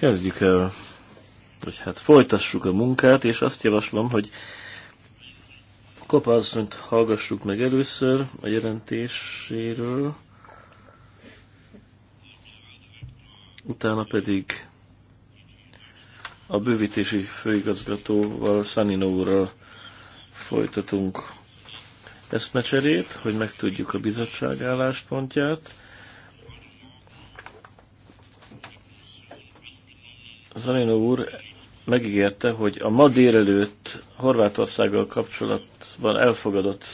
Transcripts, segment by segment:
Kezdjük el, hogy hát folytassuk a munkát, és azt javaslom, hogy Kopa hallgassuk meg először a jelentéséről, utána pedig a bővítési főigazgatóval, Szanino úrral folytatunk eszmecserét, hogy megtudjuk a bizottság álláspontját, Zanino úr megígérte, hogy a ma délelőtt Horvátországgal kapcsolatban elfogadott,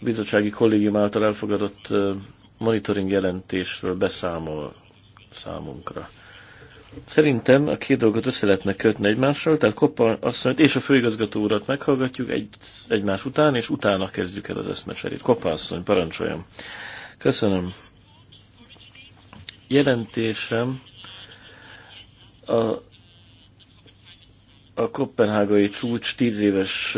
bizottsági kollégium által elfogadott monitoring jelentésről beszámol számunkra. Szerintem a két dolgot össze lehetne kötni egymással, tehát Koppa asszonyt és a főigazgató urat meghallgatjuk egy, egymás után, és utána kezdjük el az eszmecserét. Koppa asszony, parancsoljam. Köszönöm. Jelentésem a, a kopenhágai csúcs tíz éves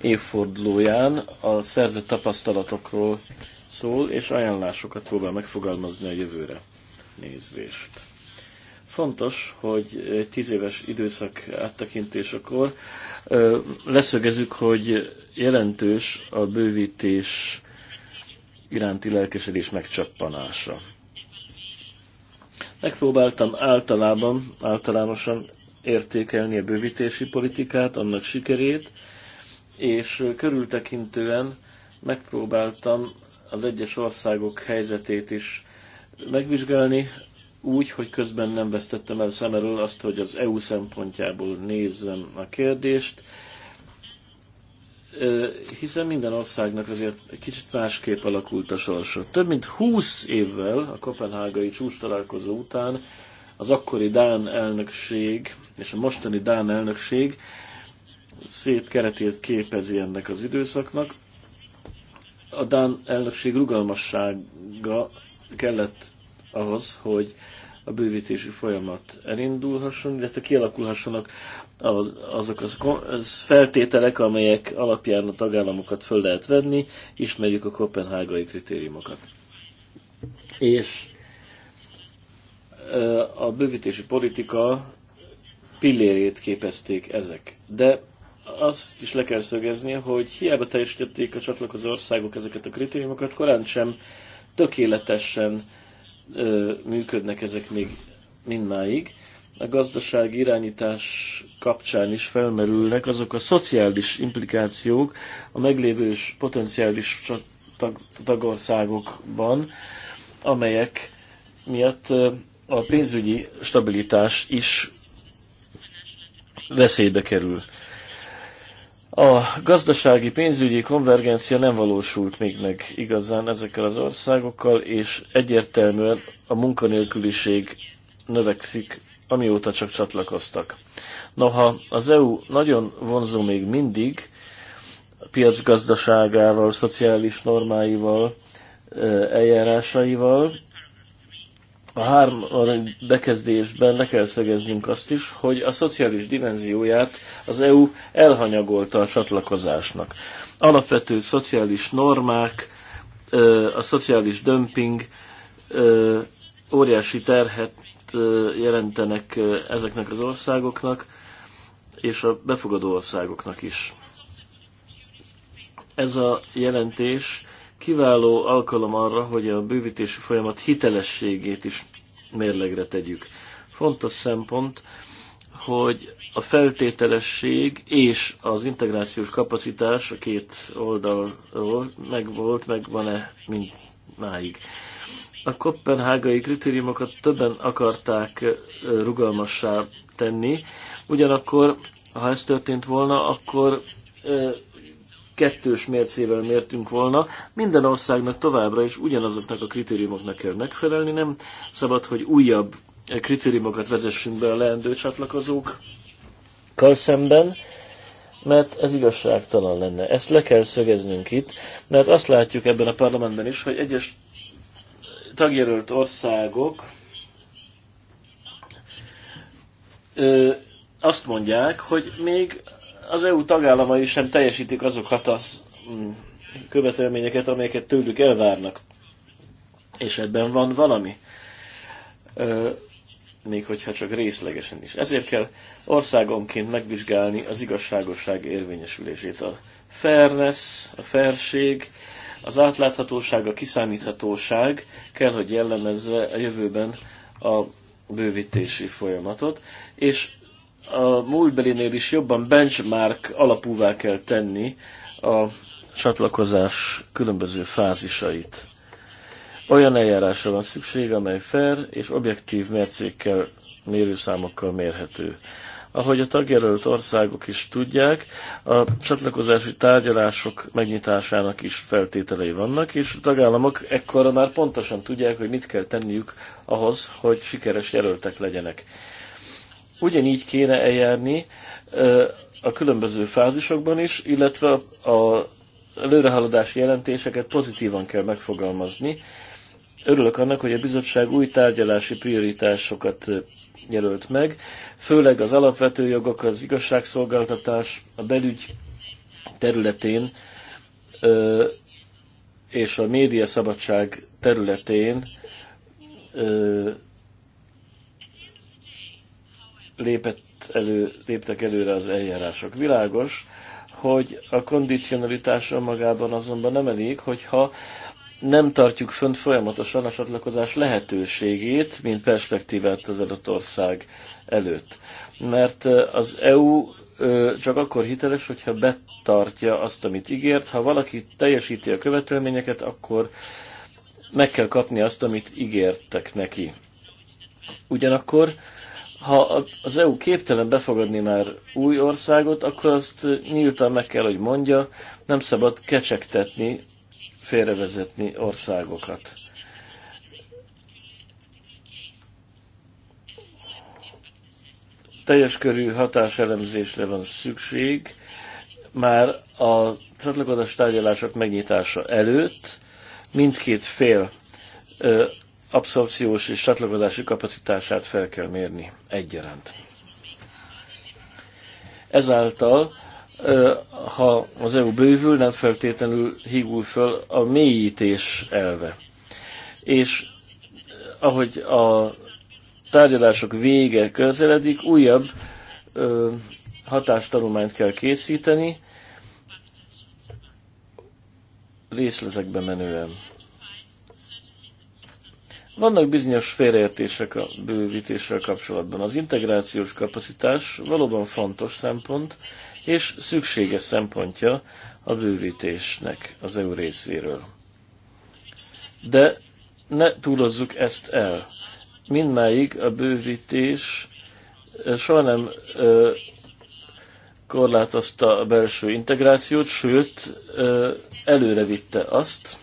évfordulóján a szerzett tapasztalatokról szól, és ajánlásokat próbál megfogalmazni a jövőre nézvést. Fontos, hogy egy tíz éves időszak áttekintésekor leszögezzük, hogy jelentős a bővítés iránti lelkesedés megcsappanása. Megpróbáltam általában, általánosan értékelni a bővítési politikát, annak sikerét, és körültekintően megpróbáltam az egyes országok helyzetét is megvizsgálni, úgy, hogy közben nem vesztettem el szem elől azt, hogy az EU szempontjából nézzem a kérdést, hiszen minden országnak azért egy kicsit másképp alakult a sorsa. Több mint 20 évvel a kopenhágai csúcs találkozó után az akkori Dán elnökség és a mostani Dán elnökség szép keretét képezi ennek az időszaknak. A Dán elnökség rugalmassága kellett ahhoz, hogy a bővítési folyamat elindulhasson, illetve kialakulhassanak az, azok az az feltételek, amelyek alapján a tagállamokat föl lehet venni, ismerjük a kopenhágai kritériumokat. És a bővítési politika pillérét képezték ezek. De azt is le kell szögezni, hogy hiába teljesítették a csatlakozó országok ezeket a kritériumokat, korán sem tökéletesen ö, működnek ezek még mindmáig a gazdaság irányítás kapcsán is felmerülnek azok a szociális implikációk a meglévő és potenciális tagországokban, amelyek miatt a pénzügyi stabilitás is veszélybe kerül. A gazdasági pénzügyi konvergencia nem valósult még meg igazán ezekkel az országokkal, és egyértelműen a munkanélküliség növekszik amióta csak csatlakoztak. Noha az EU nagyon vonzó még mindig, piacgazdaságával, szociális normáival, eljárásaival, a három bekezdésben le kell szögeznünk azt is, hogy a szociális dimenzióját az EU elhanyagolta a csatlakozásnak. Alapvető szociális normák, a szociális dömping óriási terhet jelentenek ezeknek az országoknak, és a befogadó országoknak is. Ez a jelentés kiváló alkalom arra, hogy a bővítési folyamat hitelességét is mérlegre tegyük. Fontos szempont, hogy a feltételesség és az integrációs kapacitás a két oldalról megvolt, megvan-e mint máig a kopenhágai kritériumokat többen akarták rugalmassá tenni, ugyanakkor, ha ez történt volna, akkor kettős mércével mértünk volna. Minden országnak továbbra is ugyanazoknak a kritériumoknak kell megfelelni, nem szabad, hogy újabb kritériumokat vezessünk be a leendő csatlakozókkal szemben, mert ez igazságtalan lenne. Ezt le kell szögeznünk itt, mert azt látjuk ebben a parlamentben is, hogy egyes tagjelölt országok ö, azt mondják, hogy még az EU tagállamai sem teljesítik azokat a mm, követelményeket, amelyeket tőlük elvárnak. És ebben van valami. Ö, még hogyha csak részlegesen is. Ezért kell országonként megvizsgálni az igazságosság érvényesülését. A fairness, a fairség, az átláthatóság, a kiszámíthatóság kell, hogy jellemezze a jövőben a bővítési folyamatot, és a múltbelinél is jobban benchmark alapúvá kell tenni a csatlakozás különböző fázisait. Olyan eljárásra van szükség, amely fair és objektív mércékkel, mérőszámokkal mérhető. Ahogy a tagjelölt országok is tudják, a csatlakozási tárgyalások megnyitásának is feltételei vannak, és a tagállamok ekkora már pontosan tudják, hogy mit kell tenniük ahhoz, hogy sikeres jelöltek legyenek. Ugyanígy kéne eljárni a különböző fázisokban is, illetve a előrehaladási jelentéseket pozitívan kell megfogalmazni. Örülök annak, hogy a bizottság új tárgyalási prioritásokat jelölt meg, főleg az alapvető jogok, az igazságszolgáltatás, a belügy területén ö, és a média szabadság területén ö, lépett elő, léptek előre az eljárások. Világos, hogy a kondicionalitás önmagában azonban nem elég, hogyha nem tartjuk fönt folyamatosan a csatlakozás lehetőségét, mint perspektívát az adott ország előtt. Mert az EU csak akkor hiteles, hogyha betartja azt, amit ígért. Ha valaki teljesíti a követelményeket, akkor meg kell kapni azt, amit ígértek neki. Ugyanakkor, ha az EU képtelen befogadni már új országot, akkor azt nyíltan meg kell, hogy mondja, nem szabad kecsegtetni félrevezetni országokat. Teljes körű hatáselemzésre van szükség, már a csatlakozás tárgyalások megnyitása előtt mindkét fél ö, abszorpciós és csatlakozási kapacitását fel kell mérni egyaránt. Ezáltal ha az EU bővül, nem feltétlenül hígul föl a mélyítés elve. És ahogy a tárgyalások vége közeledik, újabb ö, hatástanulmányt kell készíteni, részletekbe menően. Vannak bizonyos félreértések a bővítéssel kapcsolatban. Az integrációs kapacitás valóban fontos szempont, és szükséges szempontja a bővítésnek az EU részéről. De ne túlozzuk ezt el. Mindmáig a bővítés soha nem ö, korlátozta a belső integrációt, sőt, ö, előrevitte azt,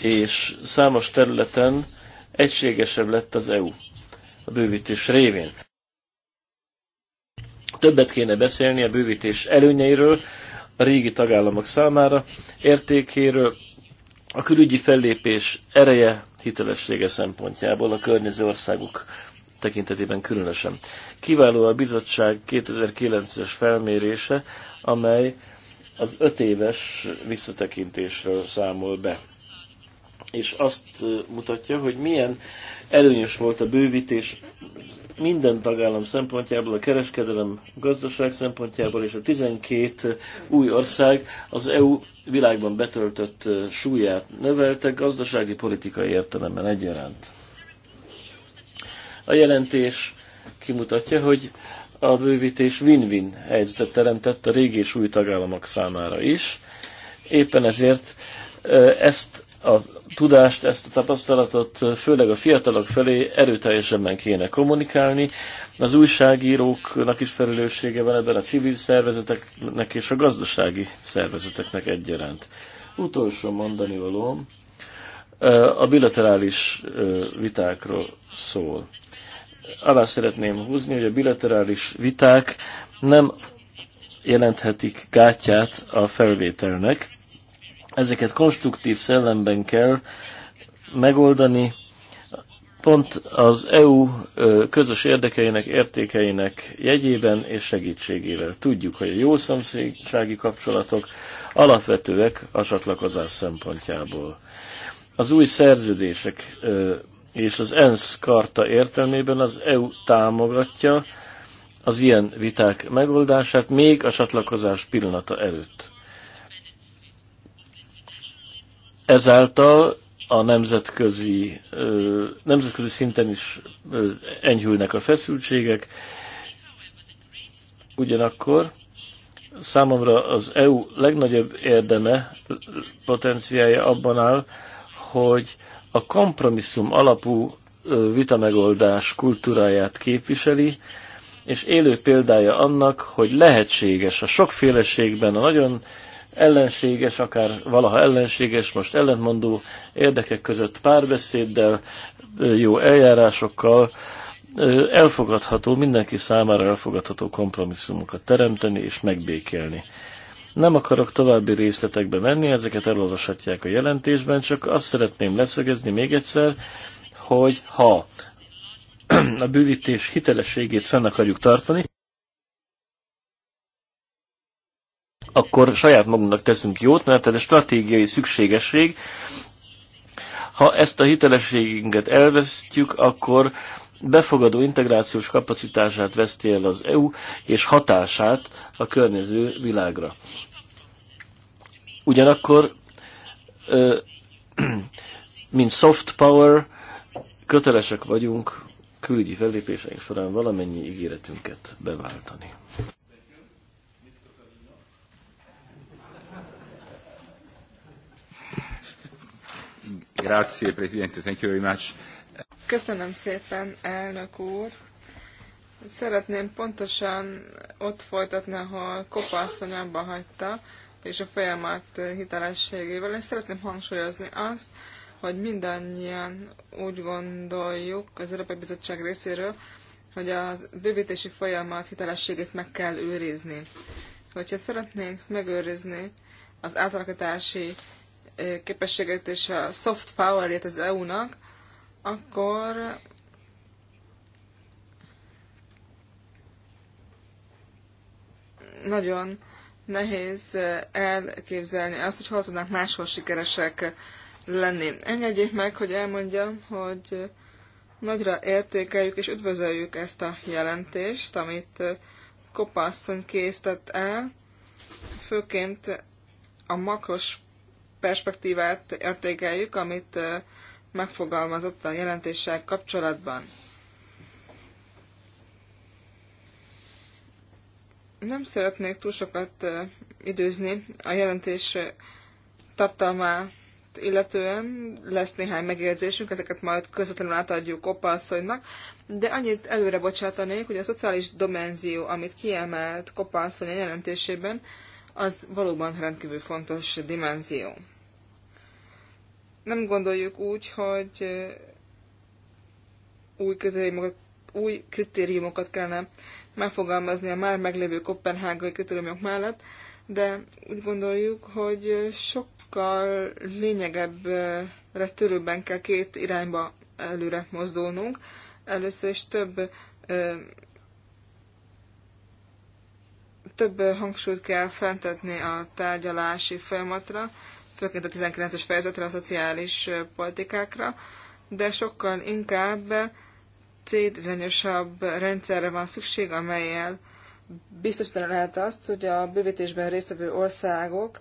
és számos területen egységesebb lett az EU a bővítés révén. Többet kéne beszélni a bővítés előnyeiről, a régi tagállamok számára, értékéről, a külügyi fellépés ereje, hitelessége szempontjából a környező országok tekintetében különösen. Kiváló a bizottság 2009-es felmérése, amely az öt éves visszatekintésről számol be. És azt mutatja, hogy milyen előnyös volt a bővítés minden tagállam szempontjából, a kereskedelem gazdaság szempontjából és a 12 új ország az EU világban betöltött súlyát növelte gazdasági politikai értelemben egyaránt. A jelentés kimutatja, hogy a bővítés win-win helyzetet teremtett a régi és új tagállamok számára is. Éppen ezért ezt a tudást, ezt a tapasztalatot főleg a fiatalok felé erőteljesebben kéne kommunikálni. Az újságíróknak is felelőssége van ebben a civil szervezeteknek és a gazdasági szervezeteknek egyaránt. Utolsó mondani valóm a bilaterális vitákról szól. Alá szeretném húzni, hogy a bilaterális viták nem jelenthetik gátját a felvételnek, Ezeket konstruktív szellemben kell megoldani, pont az EU közös érdekeinek, értékeinek jegyében és segítségével. Tudjuk, hogy a jó szomszédsági kapcsolatok alapvetőek a csatlakozás szempontjából. Az új szerződések és az ENSZ karta értelmében az EU támogatja az ilyen viták megoldását még a csatlakozás pillanata előtt. ezáltal a nemzetközi, nemzetközi szinten is enyhülnek a feszültségek. Ugyanakkor számomra az EU legnagyobb érdeme, potenciája abban áll, hogy a kompromisszum alapú vitamegoldás kultúráját képviseli, és élő példája annak, hogy lehetséges a sokféleségben, a nagyon ellenséges, akár valaha ellenséges, most ellentmondó érdekek között párbeszéddel, jó eljárásokkal elfogadható, mindenki számára elfogadható kompromisszumokat teremteni és megbékélni. Nem akarok további részletekbe menni, ezeket elolvashatják a jelentésben, csak azt szeretném leszögezni még egyszer, hogy ha a bővítés hitelességét fenn akarjuk tartani, akkor saját magunknak teszünk jót, mert ez a stratégiai szükségesség. Ha ezt a hitelességünket elvesztjük, akkor befogadó integrációs kapacitását veszti el az EU, és hatását a környező világra. Ugyanakkor, mint soft power, kötelesek vagyunk külügyi fellépéseink során valamennyi ígéretünket beváltani. Grazie, Presidente. Thank you very much. Köszönöm szépen, elnök úr. Szeretném pontosan ott folytatni, ahol kopaszony abba hagyta, és a folyamat hitelességével, és szeretném hangsúlyozni azt, hogy mindannyian úgy gondoljuk az Európai Bizottság részéről, hogy a bővítési folyamat hitelességét meg kell őrizni. Hogyha szeretnénk megőrizni az átalakítási képességet és a soft power-ét az EU-nak, akkor nagyon nehéz elképzelni azt, hogy hol tudnak máshol sikeresek lenni. Engedjék meg, hogy elmondjam, hogy nagyra értékeljük és üdvözöljük ezt a jelentést, amit Kopasszony készített el, főként a makros perspektívát értékeljük, amit megfogalmazott a jelentéssel kapcsolatban. Nem szeretnék túl sokat időzni a jelentés tartalmát illetően lesz néhány megjegyzésünk, ezeket majd közvetlenül átadjuk Kopasszonynak, de annyit előre bocsátanék, hogy a szociális dimenzió, amit kiemelt Kopasszony a jelentésében, az valóban rendkívül fontos dimenzió. Nem gondoljuk úgy, hogy új, kritériumokat, új kritériumokat kellene megfogalmazni a már meglévő kopenhágai kritériumok mellett, de úgy gondoljuk, hogy sokkal lényegebbre törőbben kell két irányba előre mozdulnunk. Először is több több hangsúlyt kell fentetni a tárgyalási folyamatra, főként a 19-es fejezetre, a szociális politikákra, de sokkal inkább célirányosabb rendszerre van szükség, amelyel biztosítani lehet azt, hogy a bővítésben résztvevő országok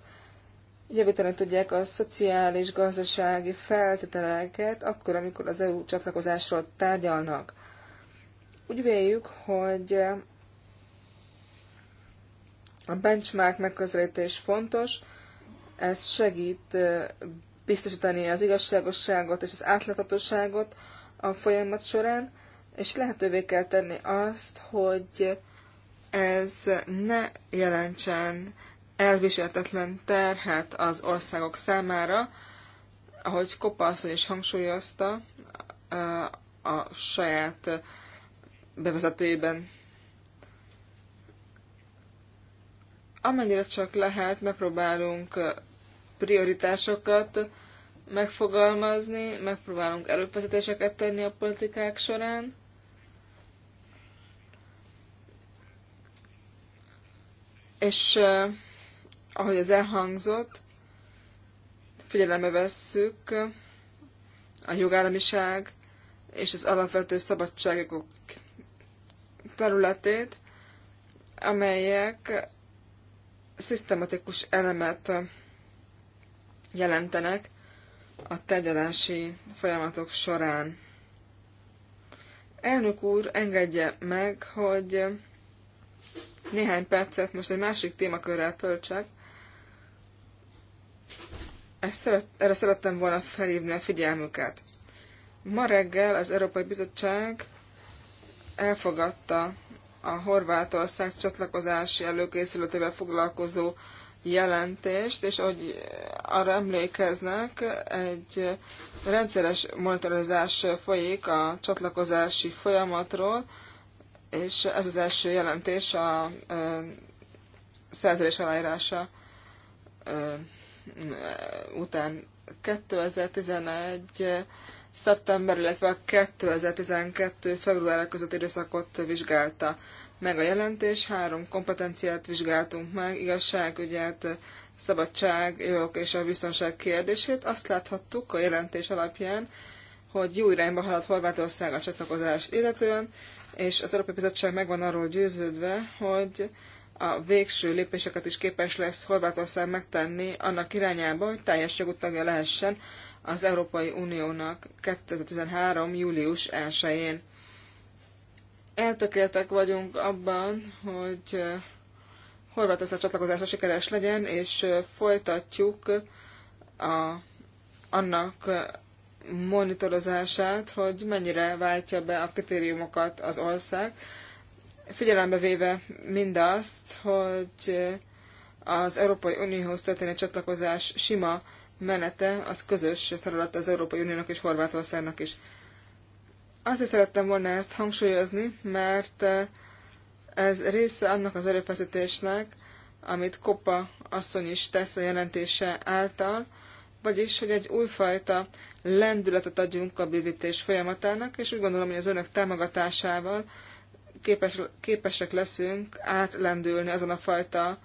javítani tudják a szociális, gazdasági feltételeket akkor, amikor az EU csatlakozásról tárgyalnak. Úgy véljük, hogy a benchmark megközelítés fontos, ez segít biztosítani az igazságosságot és az átláthatóságot a folyamat során, és lehetővé kell tenni azt, hogy ez ne jelentsen elviseltetlen terhet az országok számára, ahogy Kopaszony is hangsúlyozta a saját bevezetőjében Amennyire csak lehet, megpróbálunk prioritásokat megfogalmazni, megpróbálunk erőfeszítéseket tenni a politikák során. És ahogy az elhangzott, figyelembe vesszük a jogállamiság és az alapvető szabadságok területét, amelyek szisztematikus elemet jelentenek a tegyelási folyamatok során. Elnök úr, engedje meg, hogy néhány percet most egy másik témakörrel töltsek. Ezt erre szerettem volna felhívni a figyelmüket. Ma reggel az Európai Bizottság elfogadta a Horvátország csatlakozási előkészületével foglalkozó jelentést, és ahogy arra emlékeznek, egy rendszeres monitorozás folyik a csatlakozási folyamatról, és ez az első jelentés a szerződés aláírása után 2011 szeptember, illetve a 2012. február között időszakot vizsgálta meg a jelentés. Három kompetenciát vizsgáltunk meg, igazságügyet, szabadság, jogok és a biztonság kérdését. Azt láthattuk a jelentés alapján, hogy jó irányba halad Horvátország a csatlakozást illetően, és az Európai Bizottság megvan arról győződve, hogy a végső lépéseket is képes lesz Horvátország megtenni annak irányába, hogy teljes jogú tagja lehessen az Európai Uniónak 2013. július 1-én. Eltökéltek vagyunk abban, hogy Horvátország csatlakozása sikeres legyen, és folytatjuk a, annak monitorozását, hogy mennyire váltja be a kritériumokat az ország, figyelembe véve mindazt, hogy az Európai Unióhoz történő csatlakozás sima menete az közös feladat az Európai Uniónak és Horvátországnak is. Azért szerettem volna ezt hangsúlyozni, mert eh, ez része annak az erőfeszítésnek, amit Kopa asszony is tesz a jelentése által, vagyis, hogy egy újfajta lendületet adjunk a bővítés folyamatának, és úgy gondolom, hogy az önök támogatásával képes, képesek leszünk átlendülni azon a fajta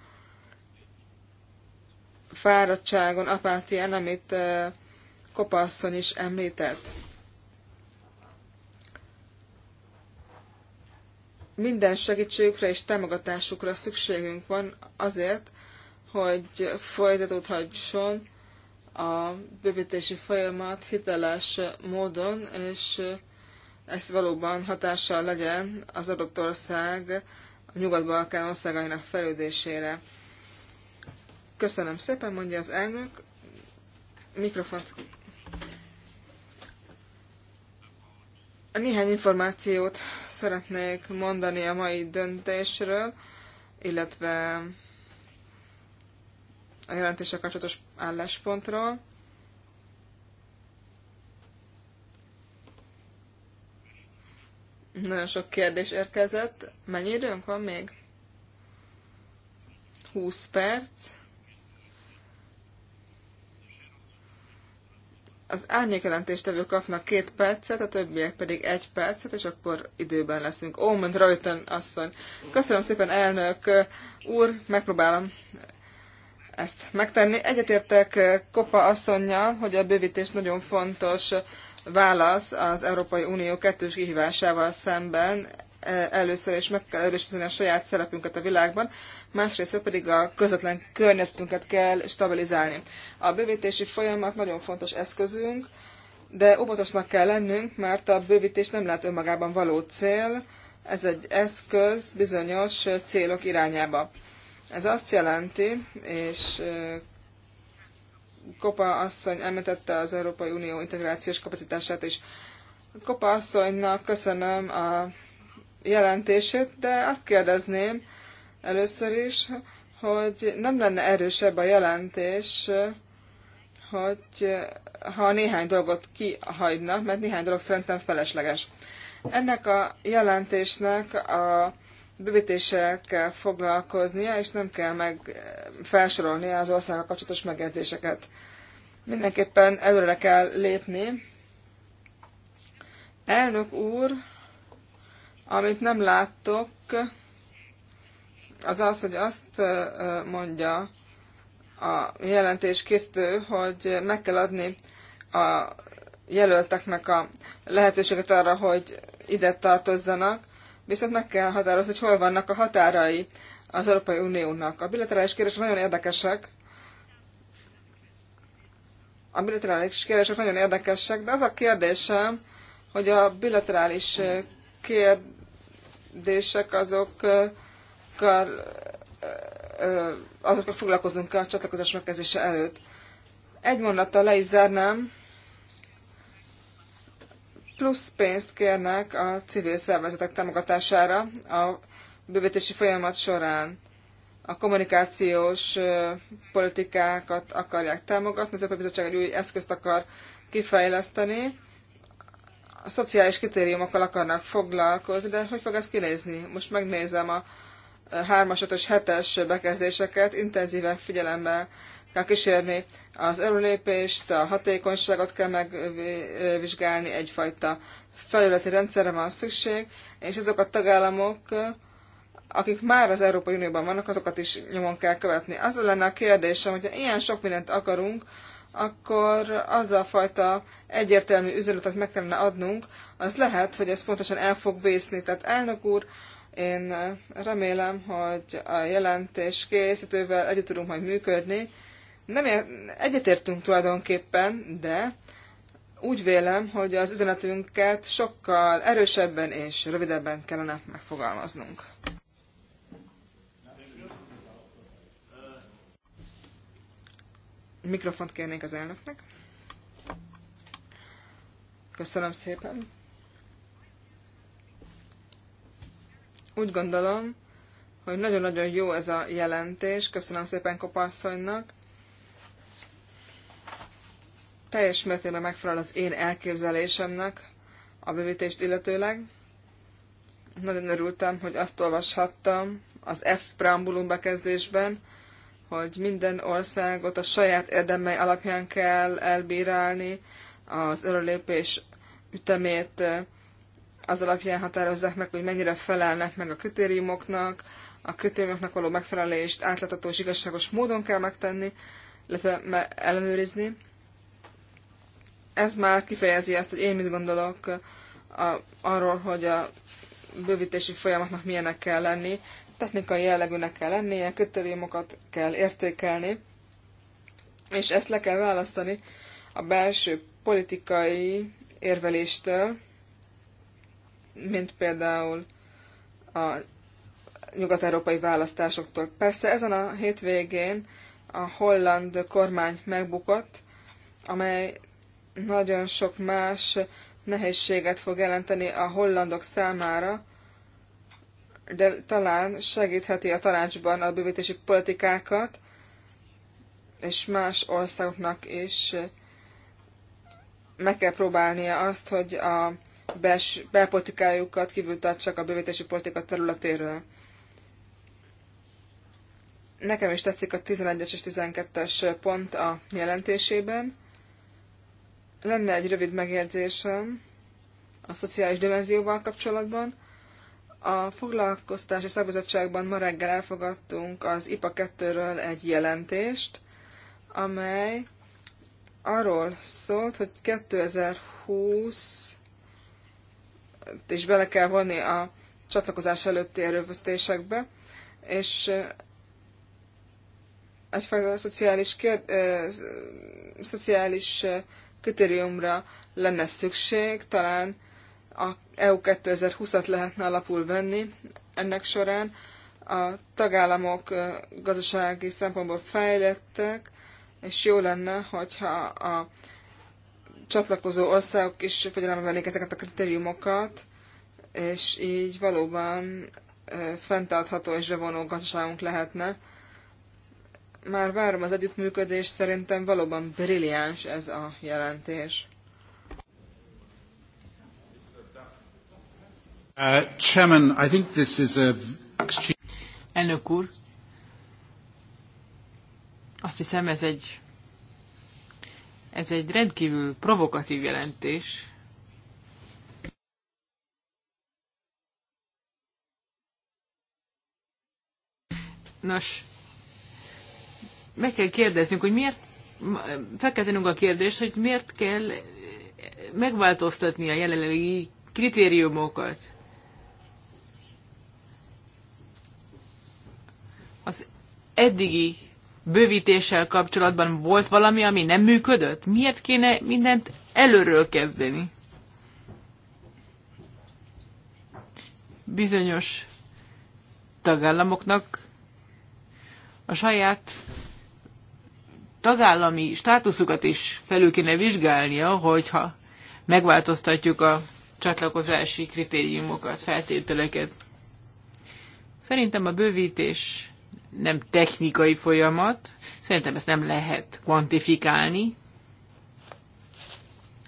fáradtságon, apátián, amit Kopasszon is említett. Minden segítségükre és támogatásukra szükségünk van azért, hogy folytatódhasson a bővítési folyamat hiteles módon, és ez valóban hatással legyen az adott ország a Nyugat-Balkán országainak fejlődésére. Köszönöm szépen, mondja az elnök. Mikrofont. Néhány információt szeretnék mondani a mai döntésről, illetve a jelentéssel kapcsolatos álláspontról. Nagyon sok kérdés érkezett. Mennyi időnk van még? 20 perc. Az árnyékelentéstevő kapnak két percet, a többiek pedig egy percet, és akkor időben leszünk. Ó, mint Rajten asszony. Köszönöm szépen, elnök úr, megpróbálom ezt megtenni. Egyetértek Kopa asszonynal, hogy a bővítés nagyon fontos válasz az Európai Unió kettős kihívásával szemben először is meg kell erősíteni a saját szerepünket a világban, másrészt pedig a közvetlen környezetünket kell stabilizálni. A bővítési folyamat nagyon fontos eszközünk, de óvatosnak kell lennünk, mert a bővítés nem lehet önmagában való cél, ez egy eszköz bizonyos célok irányába. Ez azt jelenti, és Kopa asszony említette az Európai Unió integrációs kapacitását is. Kopa asszonynak köszönöm a jelentését, de azt kérdezném először is, hogy nem lenne erősebb a jelentés, hogy ha néhány dolgot kihagyna, mert néhány dolog szerintem felesleges. Ennek a jelentésnek a bővítéssel kell foglalkoznia, és nem kell meg felsorolni az országok kapcsolatos megjegyzéseket. Mindenképpen előre kell lépni. Elnök úr, amit nem láttok, az az, hogy azt mondja a jelentés készítő, hogy meg kell adni a jelölteknek a lehetőséget arra, hogy ide tartozzanak, viszont meg kell határozni, hogy hol vannak a határai az Európai Uniónak. A bilaterális kérdések nagyon érdekesek, a bilaterális kérdések nagyon érdekesek, de az a kérdésem, hogy a bilaterális kérdések azokkal, azokkal foglalkozunk a csatlakozás megkezdése előtt. Egy mondattal le is zárnám. Plusz pénzt kérnek a civil szervezetek támogatására a bővítési folyamat során a kommunikációs politikákat akarják támogatni, az Európai Bizottság egy új eszközt akar kifejleszteni, a szociális kritériumokkal akarnak foglalkozni, de hogy fog ez kinézni? Most megnézem a 3-as, 5 7-es bekezdéseket, intenzíven figyelemmel kell kísérni az előlépést, a hatékonyságot kell megvizsgálni, egyfajta felületi rendszerre van szükség, és azok a tagállamok, akik már az Európai Unióban vannak, azokat is nyomon kell követni. Az lenne a kérdésem, hogyha ilyen sok mindent akarunk, akkor az a fajta egyértelmű üzenet, amit meg kellene adnunk, az lehet, hogy ez pontosan el fog vészni. Tehát elnök úr, én remélem, hogy a jelentés készítővel együtt tudunk majd működni. Nem egyetértünk tulajdonképpen, de úgy vélem, hogy az üzenetünket sokkal erősebben és rövidebben kellene megfogalmaznunk. Mikrofont kérnék az elnöknek. Köszönöm szépen. Úgy gondolom, hogy nagyon-nagyon jó ez a jelentés. Köszönöm szépen Kopasszonynak. Teljes mértékben megfelel az én elképzelésemnek a bővítést illetőleg. Nagyon örültem, hogy azt olvashattam az F preambulum bekezdésben, hogy minden országot a saját érdemei alapján kell elbírálni, az örölépés ütemét eh, az alapján határozzák meg, hogy mennyire felelnek meg a kritériumoknak, a kritériumoknak való megfelelést átlátható és igazságos módon kell megtenni, illetve ellenőrizni. Ez már kifejezi azt, hogy én mit gondolok eh, a, arról, hogy a bővítési folyamatnak milyenek kell lenni, technikai jellegűnek kell lennie, kritériumokat kell értékelni, és ezt le kell választani a belső politikai érveléstől, mint például a nyugat-európai választásoktól. Persze ezen a hétvégén a holland kormány megbukott, amely nagyon sok más nehézséget fog jelenteni a hollandok számára, de talán segítheti a tanácsban a bővítési politikákat, és más országoknak is meg kell próbálnia azt, hogy a bels, belpolitikájukat kívül tartsak a bővítési politika területéről. Nekem is tetszik a 11-es és 12-es pont a jelentésében. Lenne egy rövid megjegyzésem a szociális dimenzióval kapcsolatban. A foglalkoztási szakbizottságban ma reggel elfogadtunk az IPA 2-ről egy jelentést, amely arról szólt, hogy 2020 és bele kell vonni a csatlakozás előtti erőfeszítésekbe, és eh, egyfajta szociális, kér, eh, szociális eh, kritériumra lenne szükség, talán a EU 2020-at lehetne alapul venni ennek során. A tagállamok gazdasági szempontból fejlettek, és jó lenne, hogyha a csatlakozó országok is figyelembe vennék ezeket a kritériumokat, és így valóban fenntartható és bevonó gazdaságunk lehetne. Már várom az együttműködést, szerintem valóban brilliáns ez a jelentés. Uh, chairman, I think this is a... Elnök úr, azt hiszem ez egy, ez egy rendkívül provokatív jelentés. Nos, meg kell kérdeznünk, hogy miért, fel kell tennünk a kérdést, hogy miért kell megváltoztatni a jelenlegi kritériumokat. eddigi bővítéssel kapcsolatban volt valami, ami nem működött? Miért kéne mindent előről kezdeni? Bizonyos tagállamoknak a saját tagállami státuszukat is felül kéne vizsgálnia, hogyha megváltoztatjuk a csatlakozási kritériumokat, feltételeket. Szerintem a bővítés nem technikai folyamat, szerintem ezt nem lehet kvantifikálni,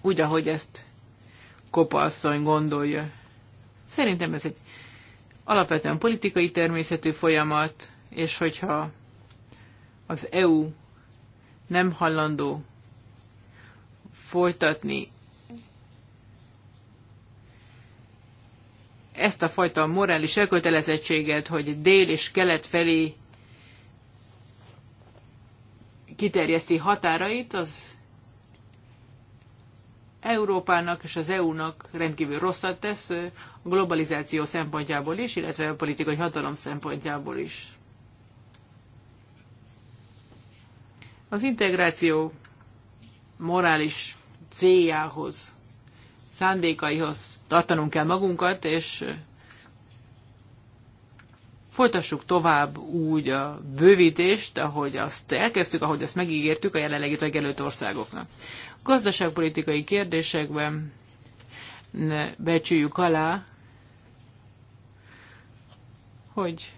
úgy, ahogy ezt kopasszony gondolja. Szerintem ez egy alapvetően politikai természetű folyamat, és hogyha az EU nem hallandó folytatni ezt a fajta morális elkötelezettséget, hogy dél és kelet felé kiterjeszti határait, az Európának és az EU-nak rendkívül rosszat tesz a globalizáció szempontjából is, illetve a politikai hatalom szempontjából is. Az integráció morális céljához, szándékaihoz tartanunk kell magunkat, és Folytassuk tovább úgy a bővítést, ahogy azt elkezdtük, ahogy ezt megígértük a jelenlegi tagjelölt országoknak. Gazdaságpolitikai kérdésekben ne becsüljük alá, hogy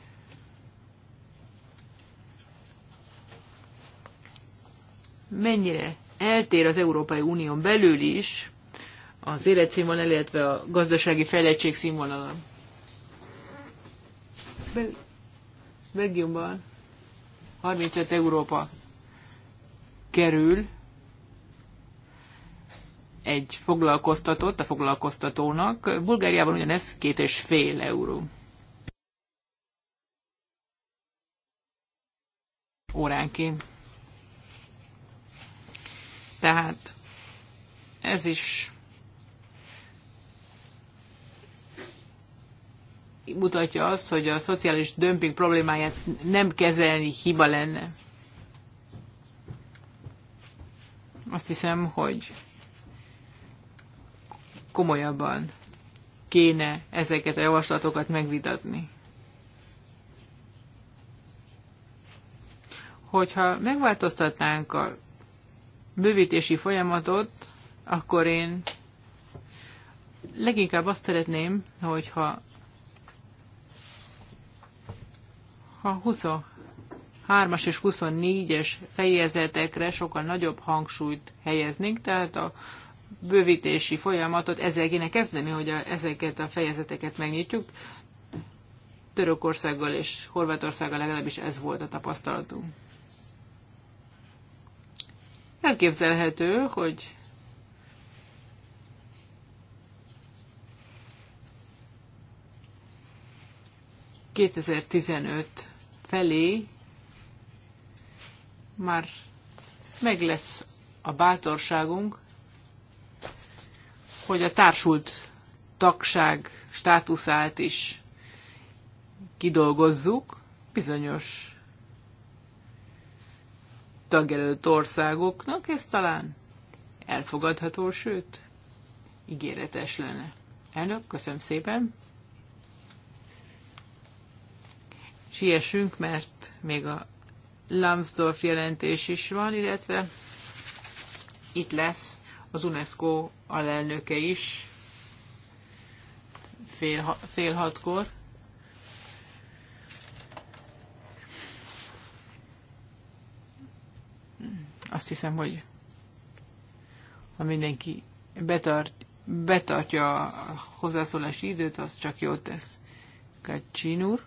mennyire eltér az Európai Unión belül is az életszínvonal, illetve a gazdasági fejlettség színvonala. Belgiumban 35 Európa kerül egy foglalkoztatott, a foglalkoztatónak. Bulgáriában ugyanez két és fél euró. Óránként. Tehát ez is mutatja azt, hogy a szociális dömping problémáját nem kezelni hiba lenne. Azt hiszem, hogy komolyabban kéne ezeket a javaslatokat megvitatni. Hogyha megváltoztatnánk a bővítési folyamatot, akkor én leginkább azt szeretném, hogyha a 23-as és 24-es fejezetekre sokkal nagyobb hangsúlyt helyeznénk, tehát a bővítési folyamatot ezzel kéne kezdeni, hogy a, ezeket a fejezeteket megnyitjuk. Törökországgal és Horvátországgal legalábbis ez volt a tapasztalatunk. Elképzelhető, hogy 2015 felé már meg lesz a bátorságunk, hogy a társult tagság státuszát is kidolgozzuk. Bizonyos tagjelölt országoknak ez talán elfogadható, sőt, ígéretes lenne. Elnök, köszönöm szépen! siessünk, mert még a Lambsdorff jelentés is van, illetve itt lesz az UNESCO alelnöke is fél, fél hatkor. Azt hiszem, hogy ha mindenki betart, betartja a hozzászólási időt, az csak jót tesz. Kacsin úr.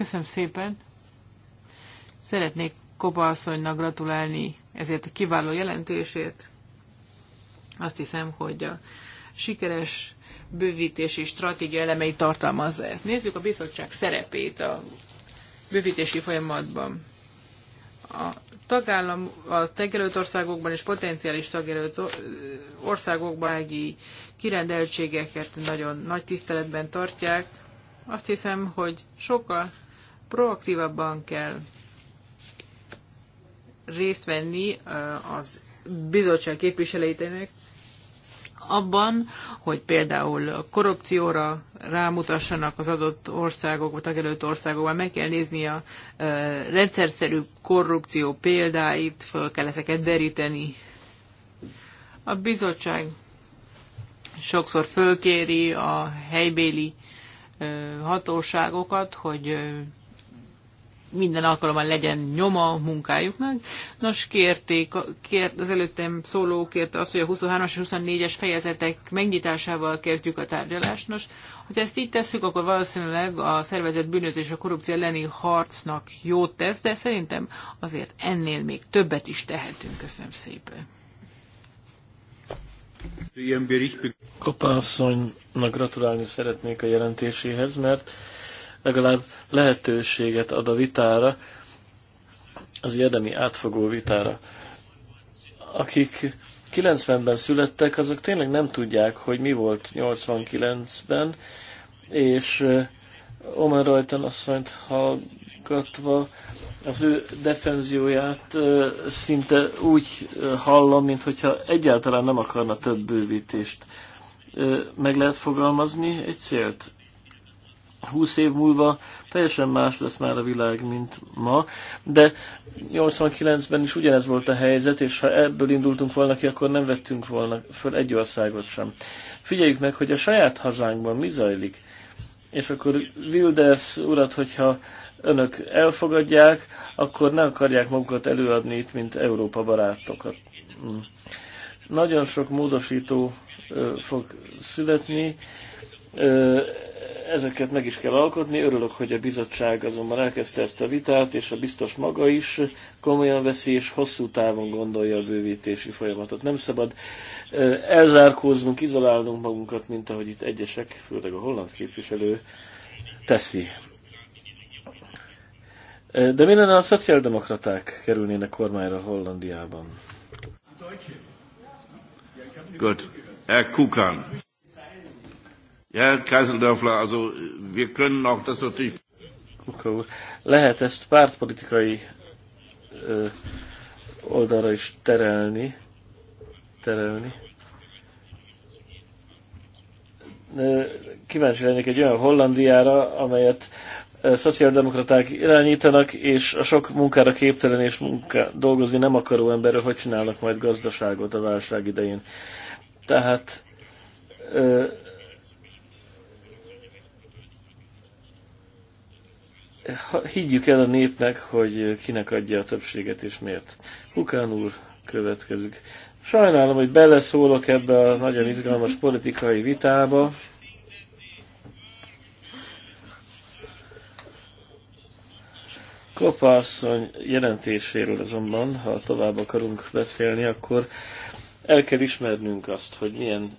Köszönöm szépen. Szeretnék Kopa asszonynak gratulálni ezért a kiváló jelentésért. Azt hiszem, hogy a sikeres bővítési stratégia elemei tartalmazza ezt. Nézzük a bizottság szerepét a bővítési folyamatban. A tagállam, a tegelőt országokban és potenciális tagjelölt országokban ági kirendeltségeket nagyon nagy tiszteletben tartják. Azt hiszem, hogy sokkal proaktívabban kell részt venni az bizottság képviselőinek abban, hogy például korrupcióra rámutassanak az adott országok, vagy tagjelölt országokban, meg kell nézni a rendszerszerű korrupció példáit, föl kell ezeket deríteni. A bizottság sokszor fölkéri a helybéli hatóságokat, hogy minden alkalommal legyen nyoma a munkájuknak. Nos, kérték, kért, az előttem szóló kérte azt, hogy a 23-as és 24-es fejezetek megnyitásával kezdjük a tárgyalást. Nos, hogyha ezt így tesszük, akkor valószínűleg a szervezet bűnözés a korrupció elleni harcnak jót tesz, de szerintem azért ennél még többet is tehetünk. Köszönöm szépen. Kopászonynak gratulálni szeretnék a jelentéséhez, mert legalább lehetőséget ad a vitára, az érdemi átfogó vitára. Akik 90-ben születtek, azok tényleg nem tudják, hogy mi volt 89-ben, és Omar Rajtan asszonyt hallgatva az ő defenzióját szinte úgy hallom, mintha egyáltalán nem akarna több bővítést. Meg lehet fogalmazni egy célt 20 év múlva teljesen más lesz már a világ, mint ma, de 89-ben is ugyanez volt a helyzet, és ha ebből indultunk volna ki, akkor nem vettünk volna föl egy országot sem. Figyeljük meg, hogy a saját hazánkban mi zajlik, és akkor Wilders urat, hogyha önök elfogadják, akkor nem akarják magukat előadni itt, mint Európa barátokat. Nagyon sok módosító fog születni, ezeket meg is kell alkotni. Örülök, hogy a bizottság azonban elkezdte ezt a vitát, és a biztos maga is komolyan veszi, és hosszú távon gondolja a bővítési folyamatot. Nem szabad elzárkóznunk, izolálnunk magunkat, mint ahogy itt egyesek, főleg a holland képviselő teszi. De mi lenne a szociáldemokraták kerülnének kormányra Hollandiában? Good. Herr Kukan. Ja, Herr also wir können auch das natürlich... lehet ezt pártpolitikai ö, oldalra is terelni, terelni. Kíváncsi lennék egy olyan Hollandiára, amelyet szociáldemokraták irányítanak, és a sok munkára képtelen és munká, dolgozni nem akaró emberről hogy csinálnak majd gazdaságot a válság idején. Tehát higgyük el a népnek, hogy kinek adja a többséget és miért. Kukán úr következik. Sajnálom, hogy beleszólok ebbe a nagyon izgalmas politikai vitába. Kopászony jelentéséről azonban, ha tovább akarunk beszélni, akkor el kell ismernünk azt, hogy milyen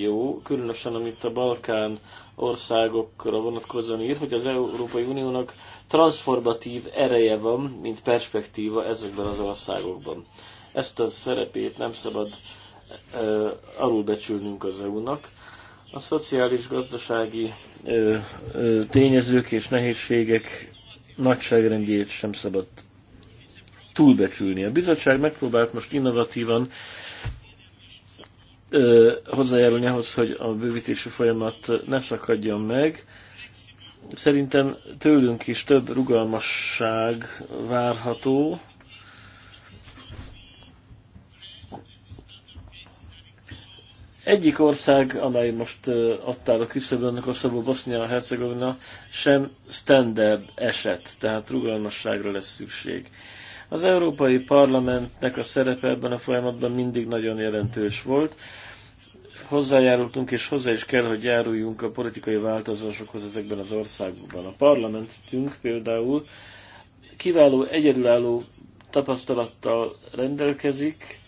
jó, különösen amit a Balkán országokra vonatkozóan ír, hogy az Európai Uniónak transformatív ereje van, mint perspektíva ezekben az országokban. Ezt a szerepét nem szabad ö, alulbecsülnünk az EU-nak. A szociális-gazdasági tényezők és nehézségek nagyságrendjét sem szabad túlbecsülni. A bizottság megpróbált most innovatívan ö, hozzájárulni ahhoz, hogy a bővítési folyamat ne szakadjon meg. Szerintem tőlünk is több rugalmasság várható. Egyik ország, amely most áll a küszöbön, annak szabó Bosznia-Hercegovina, sem standard eset, tehát rugalmasságra lesz szükség. Az Európai Parlamentnek a szerepe ebben a folyamatban mindig nagyon jelentős volt. Hozzájárultunk és hozzá is kell, hogy járuljunk a politikai változásokhoz ezekben az országokban. A parlamentünk például kiváló, egyedülálló tapasztalattal rendelkezik,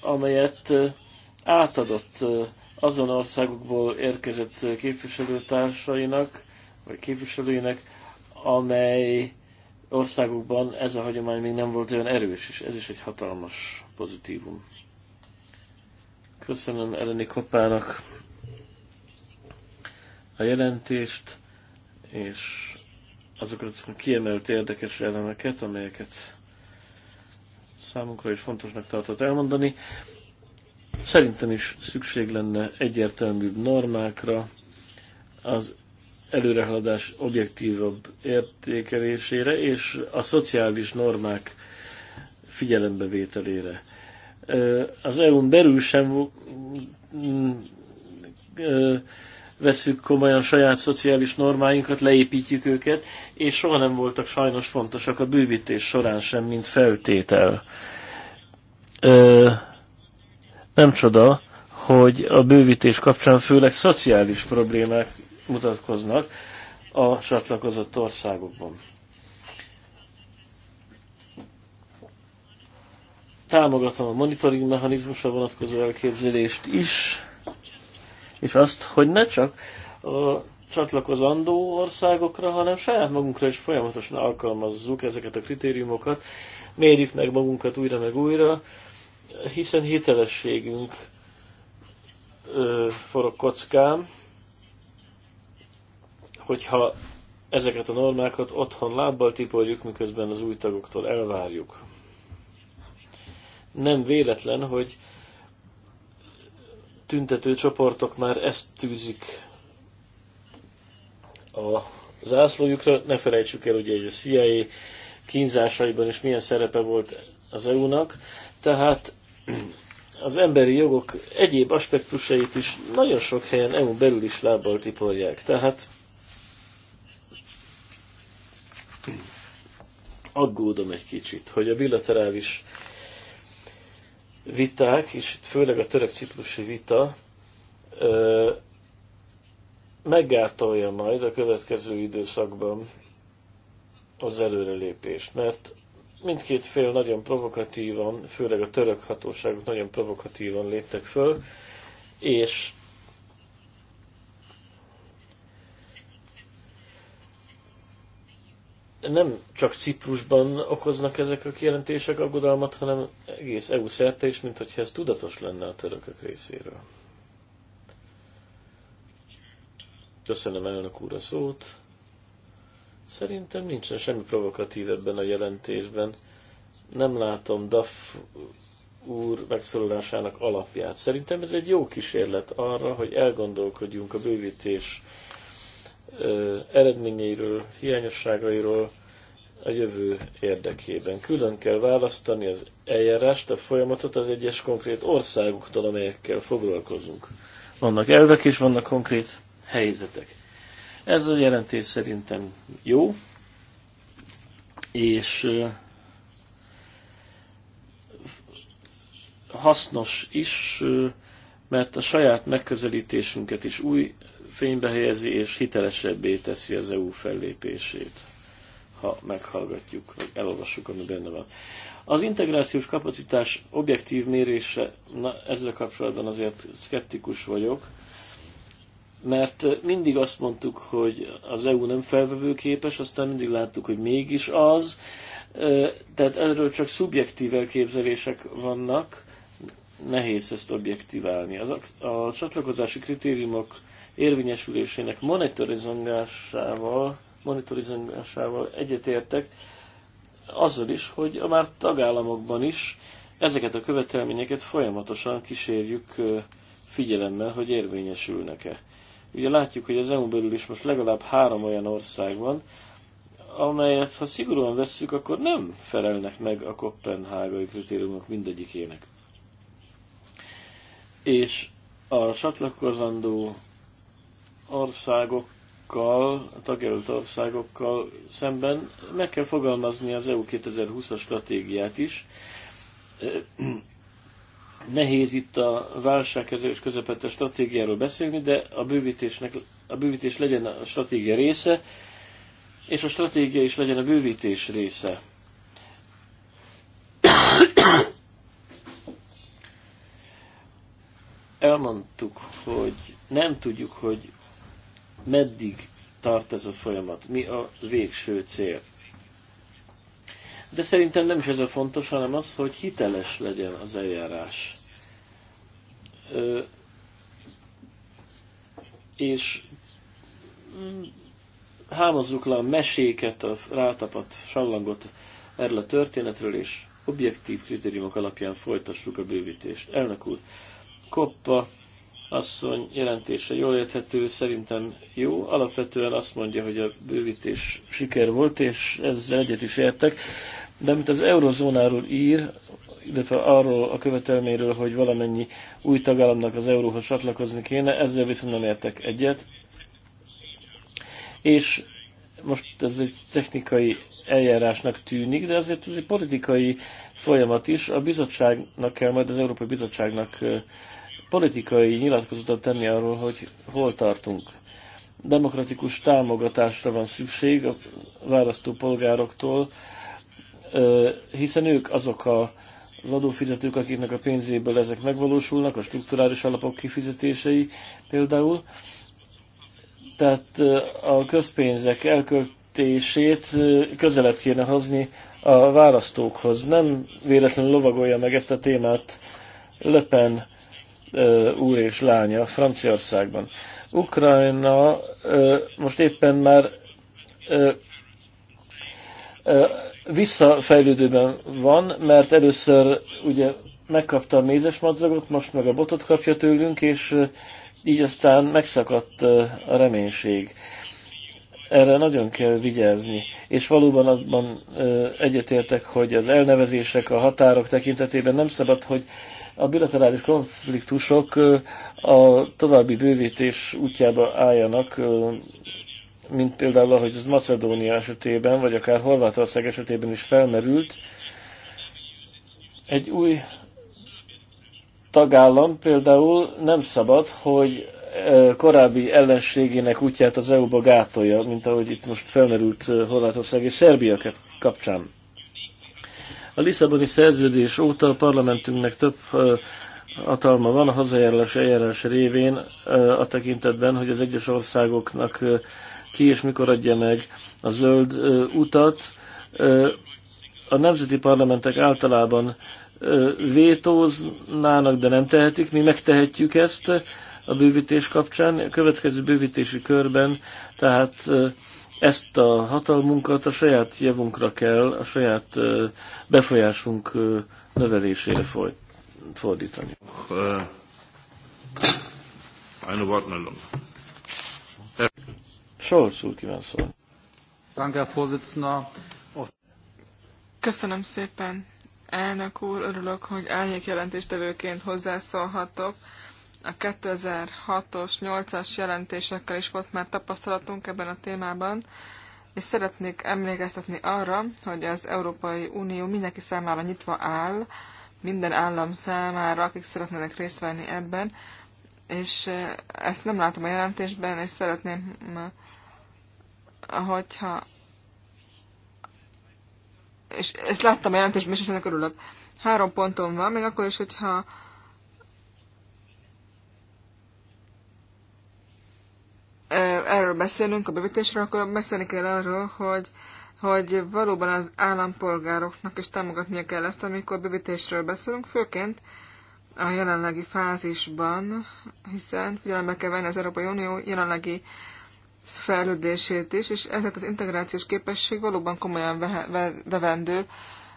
amelyet átadott azon országokból érkezett képviselőtársainak, vagy képviselőinek, amely országukban ez a hagyomány még nem volt olyan erős, és ez is egy hatalmas pozitívum. Köszönöm Eleni Kopának a jelentést, és azokat a kiemelt érdekes elemeket, amelyeket számunkra is fontosnak tartott elmondani. Szerintem is szükség lenne egyértelműbb normákra, az előrehaladás objektívabb értékelésére és a szociális normák figyelembevételére. Az EU-n belül sem veszük komolyan saját szociális normáinkat, leépítjük őket, és soha nem voltak sajnos fontosak a bővítés során sem, mint feltétel. nem csoda, hogy a bővítés kapcsán főleg szociális problémák mutatkoznak a csatlakozott országokban. Támogatom a monitoring mechanizmusra vonatkozó elképzelést is, és azt, hogy ne csak a csatlakozandó országokra, hanem saját magunkra is folyamatosan alkalmazzuk ezeket a kritériumokat, mérjük meg magunkat újra meg újra, hiszen hitelességünk forog kockán, hogyha ezeket a normákat otthon lábbal tipoljuk, miközben az új tagoktól elvárjuk. Nem véletlen, hogy tüntető csoportok már ezt tűzik a zászlójukra. Ne felejtsük el, ugye, hogy a CIA kínzásaiban is milyen szerepe volt az EU-nak. Tehát az emberi jogok egyéb aspektusait is nagyon sok helyen EU belül is lábbal tiporják. Tehát aggódom egy kicsit, hogy a bilaterális viták, és itt főleg a török-ciprusi vita, ö, meggátolja majd a következő időszakban az előrelépést, mert mindkét fél nagyon provokatívan, főleg a török hatóságok nagyon provokatívan léptek föl, és nem csak Ciprusban okoznak ezek a kijelentések aggodalmat, hanem egész EU szerte is, mint hogyha ez tudatos lenne a törökök részéről. Köszönöm elnök úr a szót. Szerintem nincsen semmi provokatív ebben a jelentésben. Nem látom DAF úr megszólalásának alapját. Szerintem ez egy jó kísérlet arra, hogy elgondolkodjunk a bővítés eredményeiről, hiányosságairól a jövő érdekében. Külön kell választani az eljárást, a folyamatot az egyes konkrét országoktól, amelyekkel foglalkozunk. Vannak elvek és vannak konkrét helyzetek. Ez a jelentés szerintem jó, és hasznos is, mert a saját megközelítésünket is új fénybe helyezi és hitelesebbé teszi az EU fellépését, ha meghallgatjuk, vagy elolvassuk, ami benne van. Az integrációs kapacitás objektív mérése, na ezzel kapcsolatban azért szkeptikus vagyok, mert mindig azt mondtuk, hogy az EU nem felvevőképes, aztán mindig láttuk, hogy mégis az, tehát erről csak szubjektív elképzelések vannak, nehéz ezt objektiválni. Az, a csatlakozási kritériumok érvényesülésének monitorizongásával, monitorizongásával egyetértek azzal is, hogy a már tagállamokban is ezeket a követelményeket folyamatosan kísérjük figyelemmel, hogy érvényesülnek-e. Ugye látjuk, hogy az EU belül is most legalább három olyan ország van, amelyet ha szigorúan vesszük, akkor nem felelnek meg a kopenhágai kritériumok mindegyikének és a csatlakozandó országokkal, a tagjelölt országokkal szemben meg kell fogalmazni az EU 2020-as stratégiát is. Nehéz itt a válságkezelés közepette stratégiáról beszélni, de a, bővítésnek, a bővítés legyen a stratégia része, és a stratégia is legyen a bővítés része. elmondtuk, hogy nem tudjuk, hogy meddig tart ez a folyamat, mi a végső cél. De szerintem nem is ez a fontos, hanem az, hogy hiteles legyen az eljárás. Ö, és mm, hámozzuk le a meséket, a rátapadt sallangot erről a történetről, és objektív kritériumok alapján folytassuk a bővítést. Elnök úr, Koppa asszony jelentése jól érthető, szerintem jó. Alapvetően azt mondja, hogy a bővítés siker volt, és ezzel egyet is értek. De amit az eurozónáról ír, illetve arról a követelméről, hogy valamennyi új tagállamnak az euróhoz csatlakozni kéne, ezzel viszont nem értek egyet. És most ez egy technikai eljárásnak tűnik, de azért ez egy politikai folyamat is. A bizottságnak kell, majd az Európai Bizottságnak politikai nyilatkozatot tenni arról, hogy hol tartunk. Demokratikus támogatásra van szükség a választó polgároktól, hiszen ők azok a az adófizetők, akiknek a pénzéből ezek megvalósulnak, a strukturális alapok kifizetései például. Tehát a közpénzek elköltését közelebb kéne hozni a választókhoz. Nem véletlenül lovagolja meg ezt a témát Löpen úr és lánya Franciaországban. Ukrajna most éppen már visszafejlődőben van, mert először ugye megkapta a mézes madzagot, most meg a botot kapja tőlünk, és így aztán megszakadt a reménység. Erre nagyon kell vigyázni. És valóban abban egyetértek, hogy az elnevezések, a határok tekintetében nem szabad, hogy a bilaterális konfliktusok a további bővítés útjába álljanak, mint például, ahogy ez Macedónia esetében, vagy akár Horvátország esetében is felmerült, egy új tagállam például nem szabad, hogy korábbi ellenségének útját az EU-ba gátolja, mint ahogy itt most felmerült Horvátország és Szerbia kapcsán. A Lisszaboni szerződés óta a parlamentünknek több hatalma van a hazajárulás eljárás révén a tekintetben, hogy az egyes országoknak ki és mikor adja meg a zöld utat. A nemzeti parlamentek általában vétóznának, de nem tehetik, mi megtehetjük ezt a bővítés kapcsán. A következő bővítési körben tehát ezt a hatalmunkat a saját javunkra kell, a saját befolyásunk növelésére fordítani. Eine Wortmeldung. Scholz úr kíván szólni. Köszönöm szépen, elnök úr, örülök, hogy árnyék jelentéstevőként hozzászólhatok a 2006-os, 8-as jelentésekkel is volt már tapasztalatunk ebben a témában, és szeretnék emlékeztetni arra, hogy az Európai Unió mindenki számára nyitva áll, minden állam számára, akik szeretnének részt venni ebben, és eh, ezt nem látom a jelentésben, és szeretném, eh, hogyha és ezt láttam a jelentésben, és ennek örülök. Három pontom van, még akkor is, hogyha erről beszélünk, a bevetésről, akkor beszélni kell arról, hogy, hogy valóban az állampolgároknak is támogatnia kell ezt, amikor bővítésről beszélünk, főként a jelenlegi fázisban, hiszen figyelembe kell venni az Európai Unió jelenlegi fejlődését is, és ezért az integrációs képesség valóban komolyan bevendő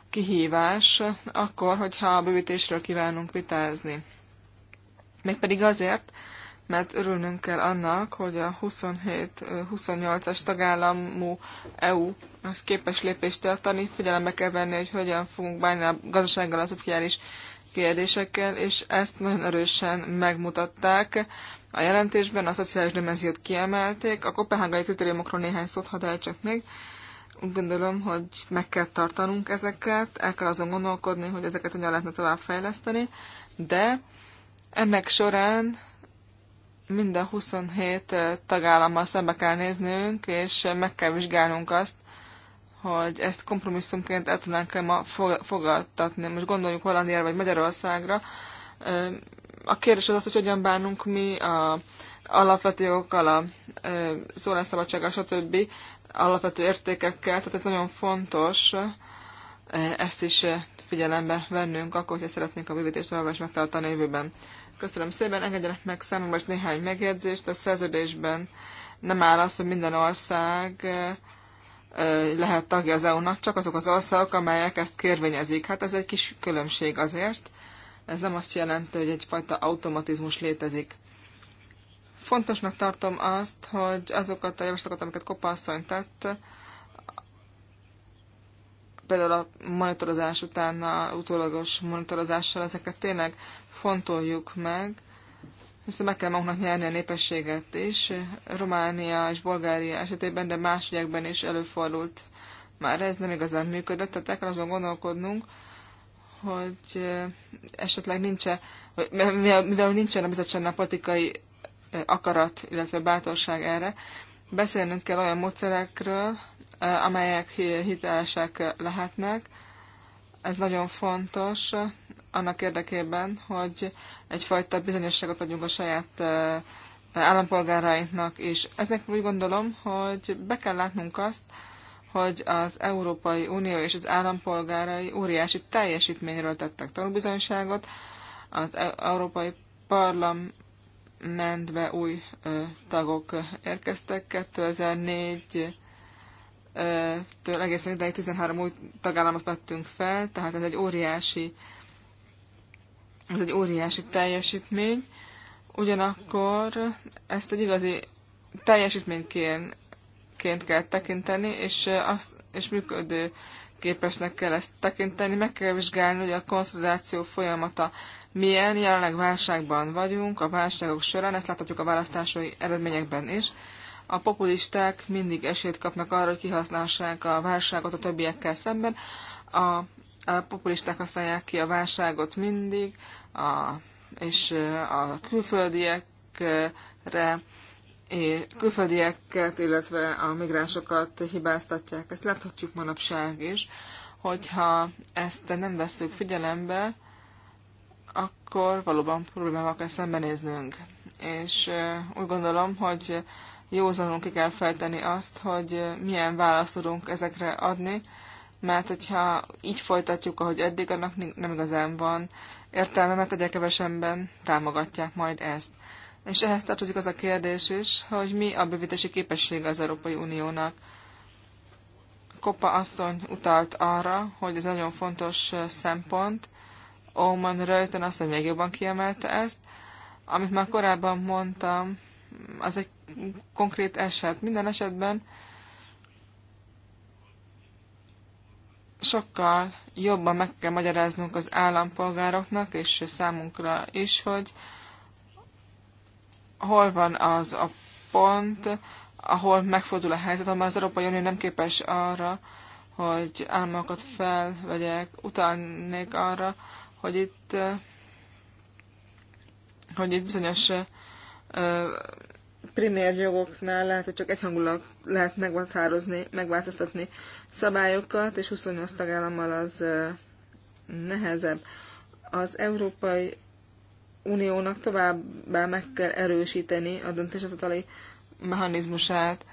kihívás akkor, hogyha a bővítésről kívánunk vitázni. Mégpedig azért, mert örülnünk kell annak, hogy a 27-28-as tagállamú EU az képes lépést tartani, figyelembe kell venni, hogy hogyan fogunk bánni a gazdasággal, a szociális kérdésekkel, és ezt nagyon erősen megmutatták. A jelentésben a szociális dimenziót kiemelték, a kopenhágai kritériumokról néhány szót hadd csak még. Úgy gondolom, hogy meg kell tartanunk ezeket, el kell azon gondolkodni, hogy ezeket hogyan lehetne továbbfejleszteni, de ennek során mind a 27 eh, tagállammal szembe kell néznünk, és meg kell vizsgálnunk azt, hogy ezt kompromisszumként el tudnánk-e ma fogadtatni. Most gondoljuk Hollandiára vagy Magyarországra. Eh, a kérdés az az, hogy hogyan bánunk mi a alapvető jogokkal, a eh, szólásszabadsággal, stb. alapvető értékekkel, tehát ez nagyon fontos ezt is figyelembe vennünk, akkor, hogyha szeretnénk a bővítést továbbá is megtartani a jövőben. Köszönöm szépen, engedjenek meg számomra most néhány megjegyzést. A szerződésben nem áll az, hogy minden ország lehet tagja az EU-nak, csak azok az országok, amelyek ezt kérvényezik. Hát ez egy kis különbség azért. Ez nem azt jelenti, hogy egyfajta automatizmus létezik. Fontosnak tartom azt, hogy azokat a javaslatokat, amiket Kopasszony tett, például a monitorozás után, a utólagos monitorozással ezeket tényleg fontoljuk meg, hiszen meg kell magunknak nyerni a népességet is. Románia és Bulgária esetében, de más ügyekben is előfordult már ez nem igazán működött, tehát el kell azon gondolkodnunk, hogy esetleg nincsen, mivel nincsen a bizottságnak politikai akarat, illetve bátorság erre, beszélnünk kell olyan módszerekről, amelyek hitelesek lehetnek. Ez nagyon fontos eh, annak érdekében, hogy egyfajta bizonyosságot adjunk a saját eh, állampolgárainknak, és ezek úgy gondolom, hogy be kell látnunk azt, hogy az Európai Unió és az állampolgárai óriási teljesítményről tettek tanúbizonyságot, az e- Európai Parlamentbe új eh, tagok érkeztek 2004 től egészen ideig 13 új tagállamot vettünk fel, tehát ez egy óriási, ez egy óriási teljesítmény. Ugyanakkor ezt egy igazi teljesítményként kell tekinteni, és, azt, és működő képesnek kell ezt tekinteni, meg kell vizsgálni, hogy a konszolidáció folyamata milyen, jelenleg válságban vagyunk, a válságok során, ezt láthatjuk a választási eredményekben is, a populisták mindig esélyt kapnak arra, hogy kihasználják a válságot a többiekkel szemben. A, a populisták használják ki a válságot mindig, a, és a külföldiekre, és külföldieket, illetve a migránsokat hibáztatják. Ezt láthatjuk manapság is, hogyha ezt nem vesszük figyelembe, akkor valóban problémával kell szembenéznünk. És úgy gondolom, hogy józanul ki kell fejteni azt, hogy milyen választ tudunk ezekre adni, mert hogyha így folytatjuk, ahogy eddig, annak nem igazán van értelme, mert egyre kevesebben támogatják majd ezt. És ehhez tartozik az a kérdés is, hogy mi a bővítési képessége az Európai Uniónak. Kopa asszony utalt arra, hogy ez nagyon fontos szempont, Oman Röjten asszony még jobban kiemelte ezt, amit már korábban mondtam, az egy konkrét eset. Minden esetben sokkal jobban meg kell magyaráznunk az állampolgároknak, és számunkra is, hogy hol van az a pont, ahol megfordul a helyzet, ahol az Európai Unió nem képes arra, hogy álmokat felvegyek, utalnék arra, hogy itt, hogy itt bizonyos primér jogoknál lehet, hogy csak egyhangulag lehet megváltározni, megváltoztatni szabályokat, és 28 tagállammal az nehezebb. Az Európai Uniónak továbbá meg kell erősíteni a döntéshozatali mechanizmusát.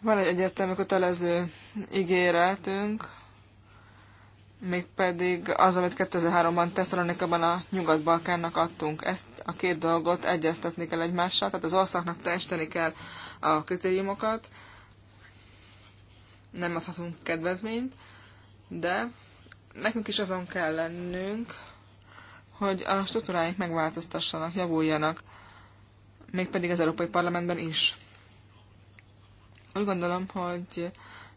Van egy egyértelmű kötelező ígéretünk, mégpedig az, amit 2003-ban Tesszalonikában a Nyugat-Balkánnak adtunk. Ezt a két dolgot egyeztetni kell egymással, tehát az országnak teljesíteni kell a kritériumokat, nem adhatunk kedvezményt, de nekünk is azon kell lennünk, hogy a struktúráink megváltoztassanak, javuljanak, mégpedig az Európai Parlamentben is. Úgy gondolom, hogy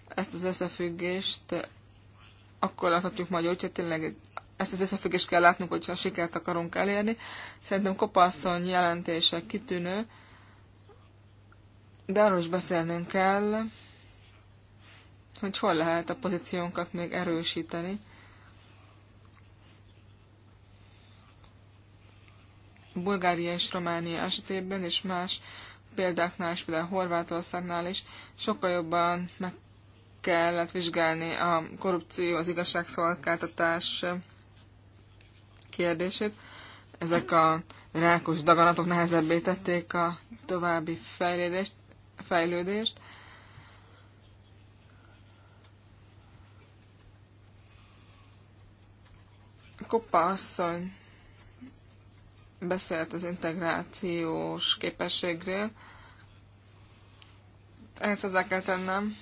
ezt az összefüggést akkor láthatjuk majd, hogyha tényleg ezt az összefüggést kell látnunk, hogyha sikert akarunk elérni. Szerintem kopaszony jelentése kitűnő, de arról is beszélnünk kell, hogy hol lehet a pozíciónkat még erősíteni. Bulgária és Románia esetében, és más példáknál és például Horvátországnál is, sokkal jobban meg kellett vizsgálni a korrupció, az igazságszolgáltatás kérdését. Ezek a rákos daganatok nehezebbé tették a további fejlődést, fejlődést. Koppa asszony beszélt az integrációs képességről. Ehhez hozzá kell tennem,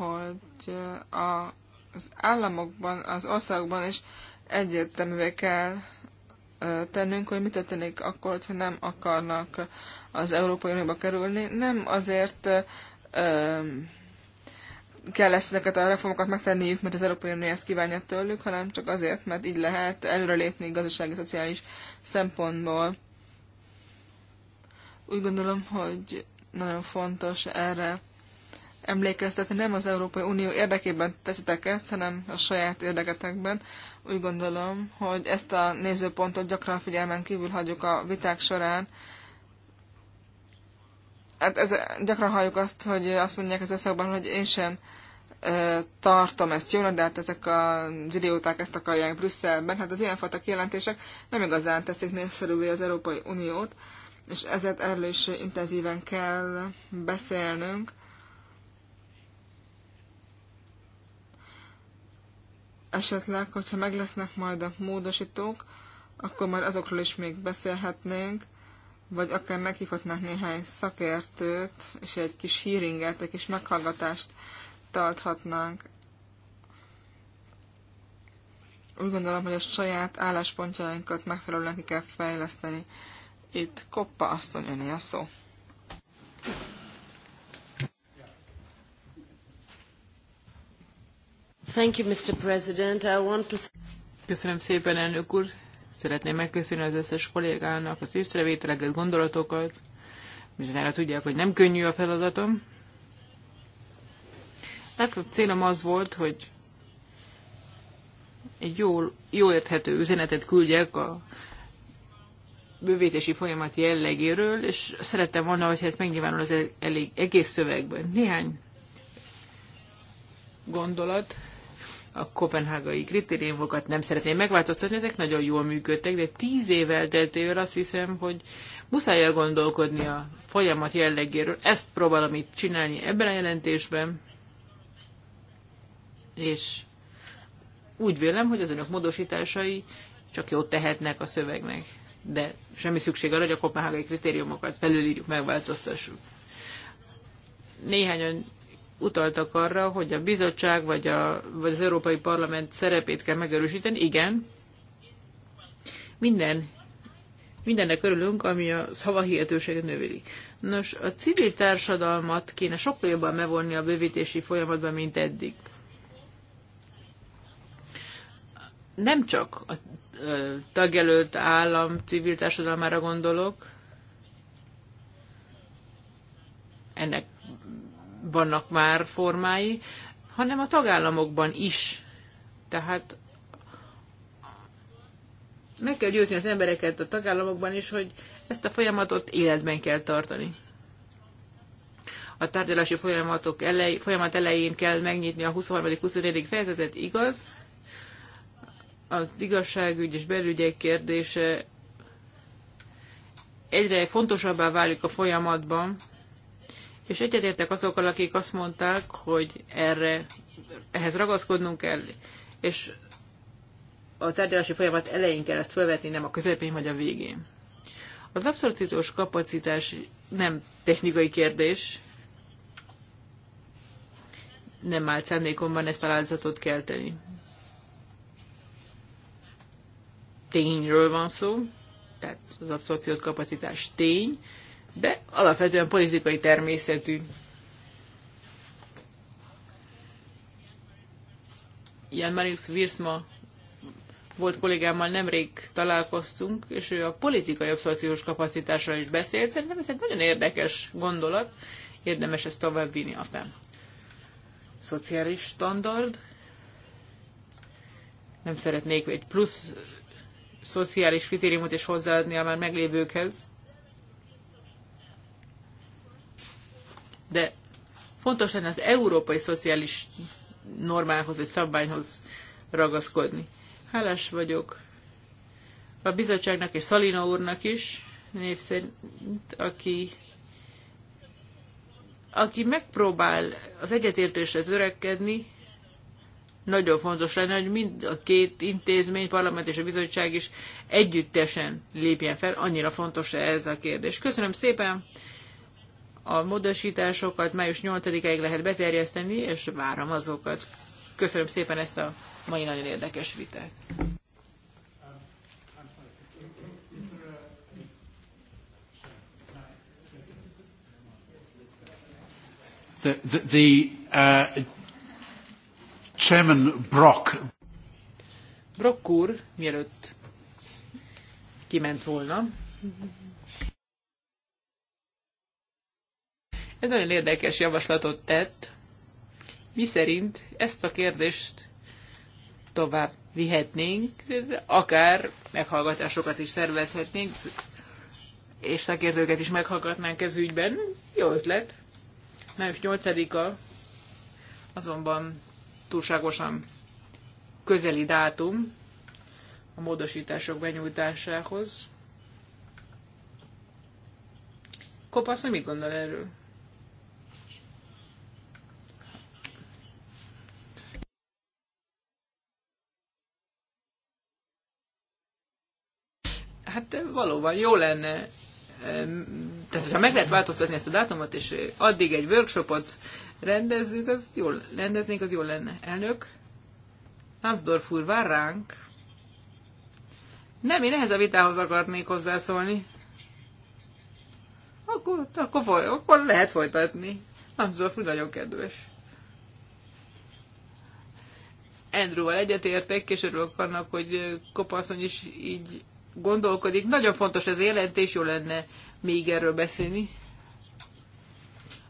hogy a, az államokban, az országokban is egyértelművé kell tennünk, hogy mit történik akkor, hogyha nem akarnak az Európai Unióba kerülni. Nem azért kell ezt ezeket a reformokat megtenniük, mert az Európai Unió ezt kívánja tőlük, hanem csak azért, mert így lehet előrelépni gazdasági, szociális szempontból. Úgy gondolom, hogy nagyon fontos erre emlékeztetni. Nem az Európai Unió érdekében teszitek ezt, hanem a saját érdeketekben. Úgy gondolom, hogy ezt a nézőpontot gyakran figyelmen kívül hagyjuk a viták során. Hát ez, gyakran halljuk azt, hogy azt mondják az összegben, hogy én sem tartom ezt jól, de hát ezek a idióták ezt akarják Brüsszelben. Hát az ilyenfajta kijelentések nem igazán teszik népszerűvé az Európai Uniót, és ezért erről is intenzíven kell beszélnünk. esetleg, hogyha meg lesznek majd a módosítók, akkor már azokról is még beszélhetnénk, vagy akár meghívhatnánk néhány szakértőt, és egy kis hearinget, egy kis meghallgatást tarthatnánk. Úgy gondolom, hogy a saját álláspontjainkat megfelelően ki kell fejleszteni. Itt Koppa asszony a szó. Thank you, Mr. President. I want to... Köszönöm szépen, elnök úr. Szeretném megköszönni az összes kollégának az észrevételeket, gondolatokat. Bizonyára tudják, hogy nem könnyű a feladatom. Legfőbb célom az volt, hogy egy jól, jól érthető üzenetet küldjek a bővítési folyamat jellegéről, és szerettem volna, hogyha ez megnyilvánul az elég egész szövegben. Néhány gondolat a kopenhágai kritériumokat nem szeretném megváltoztatni, ezek nagyon jól működtek, de tíz év elteltével azt hiszem, hogy muszáj elgondolkodni a folyamat jellegéről. Ezt próbálom itt csinálni ebben a jelentésben, és úgy vélem, hogy az önök módosításai csak jót tehetnek a szövegnek, de semmi szükség arra, hogy a kopenhágai kritériumokat felülírjuk, megváltoztassuk. Néhányan utaltak arra, hogy a bizottság vagy, a, vagy az Európai Parlament szerepét kell megerősíteni. Igen, minden, mindennek örülünk, ami a szavahihetőséget növeli. Nos, a civil társadalmat kéne sokkal jobban mevonni a bővítési folyamatban, mint eddig. Nem csak a tagjelölt állam civil társadalmára gondolok, ennek vannak már formái, hanem a tagállamokban is. Tehát meg kell győzni az embereket a tagállamokban is, hogy ezt a folyamatot életben kell tartani. A tárgyalási folyamatok elej, folyamat elején kell megnyitni a 23.-24. fejezetet, igaz? Az igazságügy és belügyek kérdése egyre fontosabbá válik a folyamatban, és egyetértek azokkal, akik azt mondták, hogy erre, ehhez ragaszkodnunk kell, és a tárgyalási folyamat elején kell ezt felvetni, nem a közepén vagy a végén. Az abszorciós kapacitás nem technikai kérdés, nem állt szándékomban ezt találzatot kelteni. Tényről van szó, tehát az abszorciós kapacitás tény, de alapvetően politikai természetű. Jan Marius Virsma volt kollégámmal nemrég találkoztunk, és ő a politikai abszorciós kapacitásra is beszélt. Szerintem ez egy nagyon érdekes gondolat, érdemes ezt tovább vinni. Aztán szociális standard. Nem szeretnék egy plusz szociális kritériumot is hozzáadni a már meglévőkhez. de fontos lenne az európai szociális normához vagy szabványhoz ragaszkodni. Hálás vagyok a bizottságnak és Szalina úrnak is, név szerint, aki, aki megpróbál az egyetértésre törekedni, nagyon fontos lenne, hogy mind a két intézmény, parlament és a bizottság is együttesen lépjen fel. Annyira fontos ez a kérdés. Köszönöm szépen, a módosításokat május 8 ig lehet beterjeszteni, és várom azokat. Köszönöm szépen ezt a mai nagyon érdekes vitát. The, the, the uh, Chairman Brock. Brock úr, mielőtt kiment volna, egy nagyon érdekes javaslatot tett, mi szerint ezt a kérdést tovább vihetnénk, akár meghallgatásokat is szervezhetnénk, és szakértőket is meghallgatnánk ez ügyben. Jó ötlet. Május 8-a azonban túlságosan közeli dátum a módosítások benyújtásához. Kopasz, mit gondol erről? Hát valóban jó lenne, tehát ha meg lehet változtatni ezt a dátumot, és addig egy workshopot rendezzük, az jól, rendeznénk, az jól lenne. Elnök, Lambsdorff úr, vár ránk. Nem, én ehhez a vitához akarnék hozzászólni. Akkor, akkor, foly, akkor lehet folytatni. Lambsdorff úr nagyon kedves. Andrewval egyetértek, és örülök annak, hogy kopaszony is így gondolkodik. Nagyon fontos ez a jelentés, jó lenne még erről beszélni.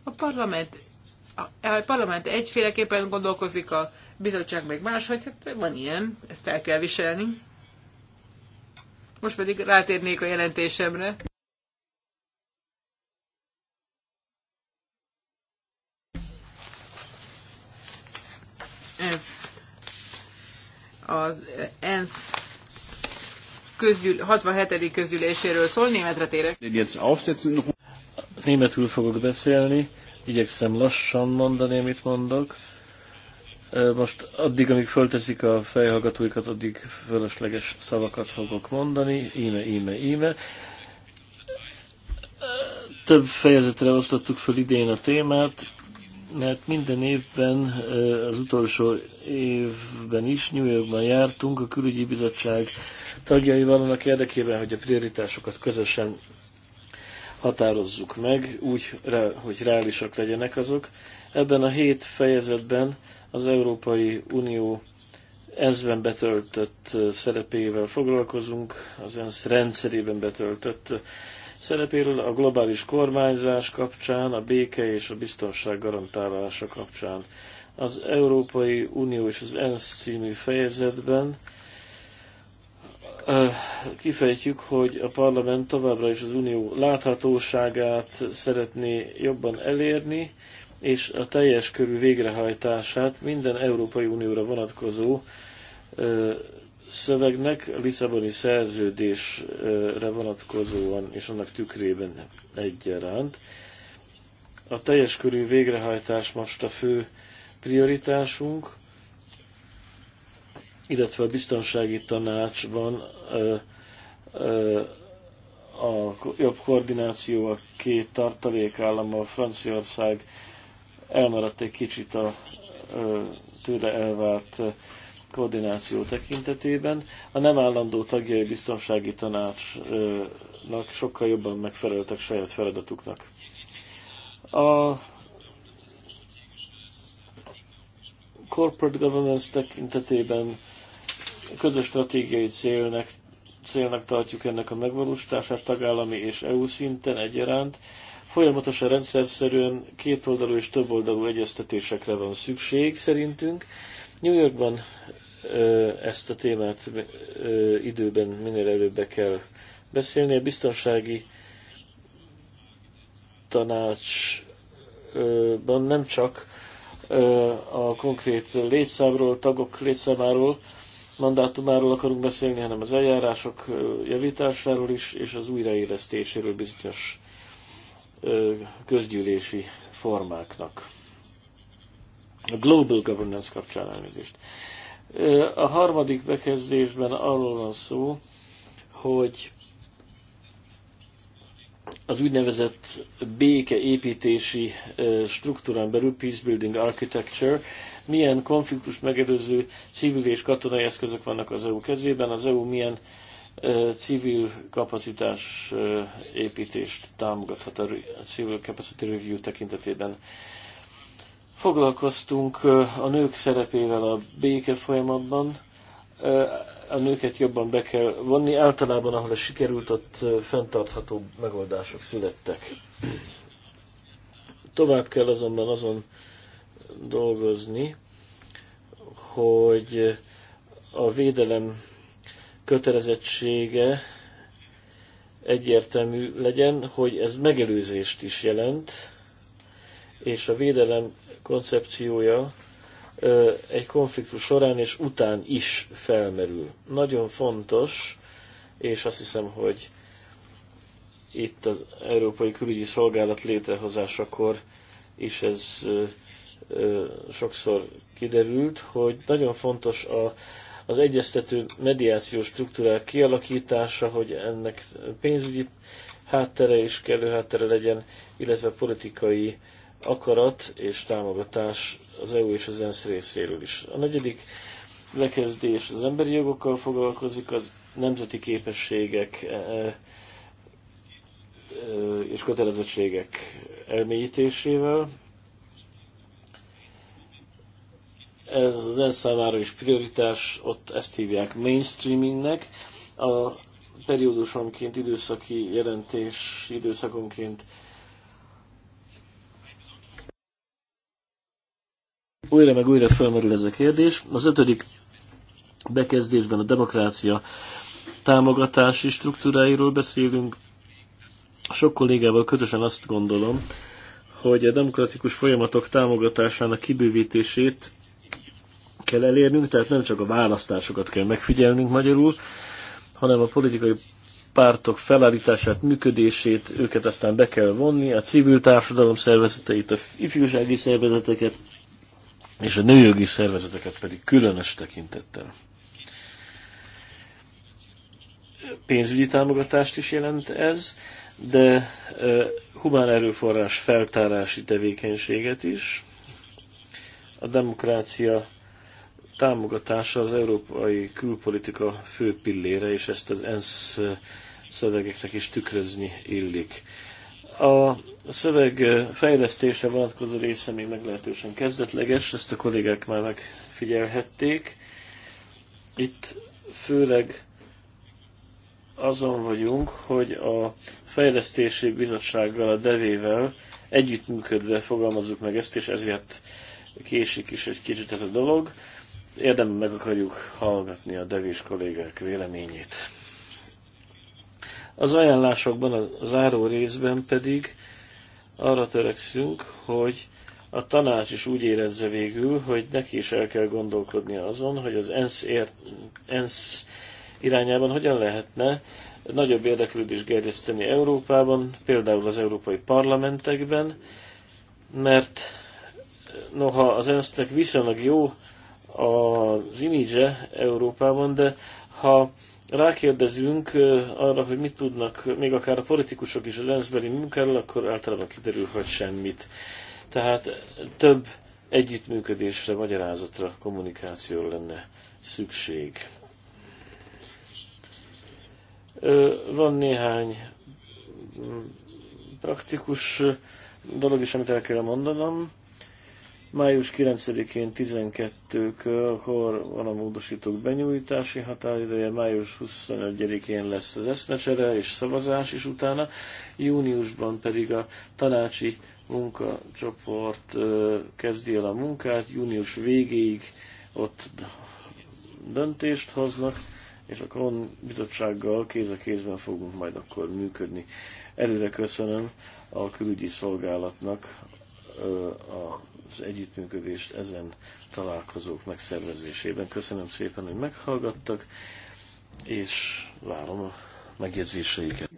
A parlament, a, a parlament egyféleképpen gondolkozik, a bizottság meg máshogy, hát van ilyen, ezt el kell viselni. Most pedig rátérnék a jelentésemre. Ez az ENSZ közgyűl, 67. közgyűléséről szól, németre térek. Németül fogok beszélni, igyekszem lassan mondani, amit mondok. Most addig, amíg fölteszik a fejhallgatóikat, addig fölösleges szavakat fogok mondani. Íme, íme, íme. Több fejezetre osztottuk föl idén a témát, mert minden évben, az utolsó évben is New Yorkban jártunk, a külügyi bizottság tagjai van annak érdekében, hogy a prioritásokat közösen határozzuk meg, úgy, hogy reálisak legyenek azok. Ebben a hét fejezetben az Európai Unió ezben betöltött szerepével foglalkozunk, az ENSZ rendszerében betöltött szerepéről a globális kormányzás kapcsán, a béke és a biztonság garantálása kapcsán. Az Európai Unió és az ENSZ című fejezetben kifejtjük, hogy a parlament továbbra is az unió láthatóságát szeretné jobban elérni, és a teljes körű végrehajtását minden Európai Unióra vonatkozó szövegnek, a Lisszaboni szerződésre vonatkozóan és annak tükrében egyaránt. A teljes körű végrehajtás most a fő prioritásunk, illetve a biztonsági tanácsban ö, ö, a jobb koordináció a két a Franciaország elmaradt egy kicsit a ö, tőle elvárt koordináció tekintetében. A nem állandó tagjai biztonsági tanácsnak sokkal jobban megfeleltek saját feladatuknak. A corporate governance tekintetében közös stratégiai célnek, célnak tartjuk ennek a megvalósítását tagállami és EU szinten egyaránt. Folyamatosan rendszerszerűen kétoldalú és többoldalú egyeztetésekre van szükség szerintünk. New Yorkban ezt a témát időben minél előbb be kell beszélni. A biztonsági tanácsban nem csak a konkrét létszámról, tagok létszámáról, mandátumáról akarunk beszélni, hanem az eljárások javításáról is, és az újraélesztéséről bizonyos közgyűlési formáknak. A Global Governance kapcsán elnézést. A harmadik bekezdésben arról van szó, hogy az úgynevezett békeépítési struktúrán belül, Peace Building Architecture, milyen konfliktus megelőző civil és katonai eszközök vannak az EU kezében, az EU milyen civil kapacitás építést támogathat a, civil capacity review tekintetében. Foglalkoztunk a nők szerepével a béke folyamatban, a nőket jobban be kell vonni, általában ahol a sikerült, ott fenntartható megoldások születtek. Tovább kell azonban azon dolgozni, hogy a védelem kötelezettsége egyértelmű legyen, hogy ez megelőzést is jelent, és a védelem koncepciója egy konfliktus során és után is felmerül. Nagyon fontos, és azt hiszem, hogy itt az Európai Külügyi Szolgálat létrehozásakor is ez sokszor kiderült, hogy nagyon fontos a, az egyeztető mediációs struktúrák kialakítása, hogy ennek pénzügyi háttere is kellő háttere legyen, illetve politikai akarat és támogatás az EU és az ENSZ részéről is. A negyedik lekezdés az emberi jogokkal foglalkozik, az nemzeti képességek e, e, és kötelezettségek elmélyítésével. ez az ENSZ számára is prioritás, ott ezt hívják mainstreamingnek. A periódusonként, időszaki jelentés időszakonként újra meg újra felmerül ez a kérdés. Az ötödik bekezdésben a demokrácia támogatási struktúráiról beszélünk. Sok kollégával közösen azt gondolom, hogy a demokratikus folyamatok támogatásának kibővítését kell elérnünk, tehát nem csak a választásokat kell megfigyelnünk magyarul, hanem a politikai pártok felállítását, működését, őket aztán be kell vonni, a civil társadalom szervezeteit, a ifjúsági szervezeteket, és a nőjogi szervezeteket pedig különös tekintettel. Pénzügyi támogatást is jelent ez, de humán erőforrás feltárási tevékenységet is. A demokrácia támogatása az európai külpolitika fő pillére, és ezt az ENSZ szövegeknek is tükrözni illik. A szöveg fejlesztése vonatkozó része még meglehetősen kezdetleges, ezt a kollégák már megfigyelhették. Itt főleg azon vagyunk, hogy a fejlesztési bizottsággal, a devével együttműködve fogalmazzuk meg ezt, és ezért késik is egy kicsit ez a dolog érdemben meg akarjuk hallgatni a devés kollégák véleményét. Az ajánlásokban, a záró részben pedig arra törekszünk, hogy a tanács is úgy érezze végül, hogy neki is el kell gondolkodni azon, hogy az ENSZ, ért, ENSZ irányában hogyan lehetne nagyobb érdeklődést gerjeszteni Európában, például az európai parlamentekben, mert noha az ENSZ-nek viszonylag jó az imidzse Európában, de ha rákérdezünk arra, hogy mit tudnak még akár a politikusok is az ENSZ-beli munkáról, akkor általában kiderül, hogy semmit. Tehát több együttműködésre, magyarázatra, kommunikációra lenne szükség. Van néhány praktikus dolog is, amit el kell mondanom. Május 9-én 12-kor van a módosítók benyújtási határideje, május 25-én lesz az eszmecsere és szavazás is utána, júniusban pedig a tanácsi munkacsoport kezdi el a munkát, június végéig ott döntést hoznak, és a Kron bizottsággal kéz a kézben fogunk majd akkor működni. Előre köszönöm a külügyi szolgálatnak a az együttműködést ezen találkozók megszervezésében. Köszönöm szépen, hogy meghallgattak, és várom a megjegyzéseiket.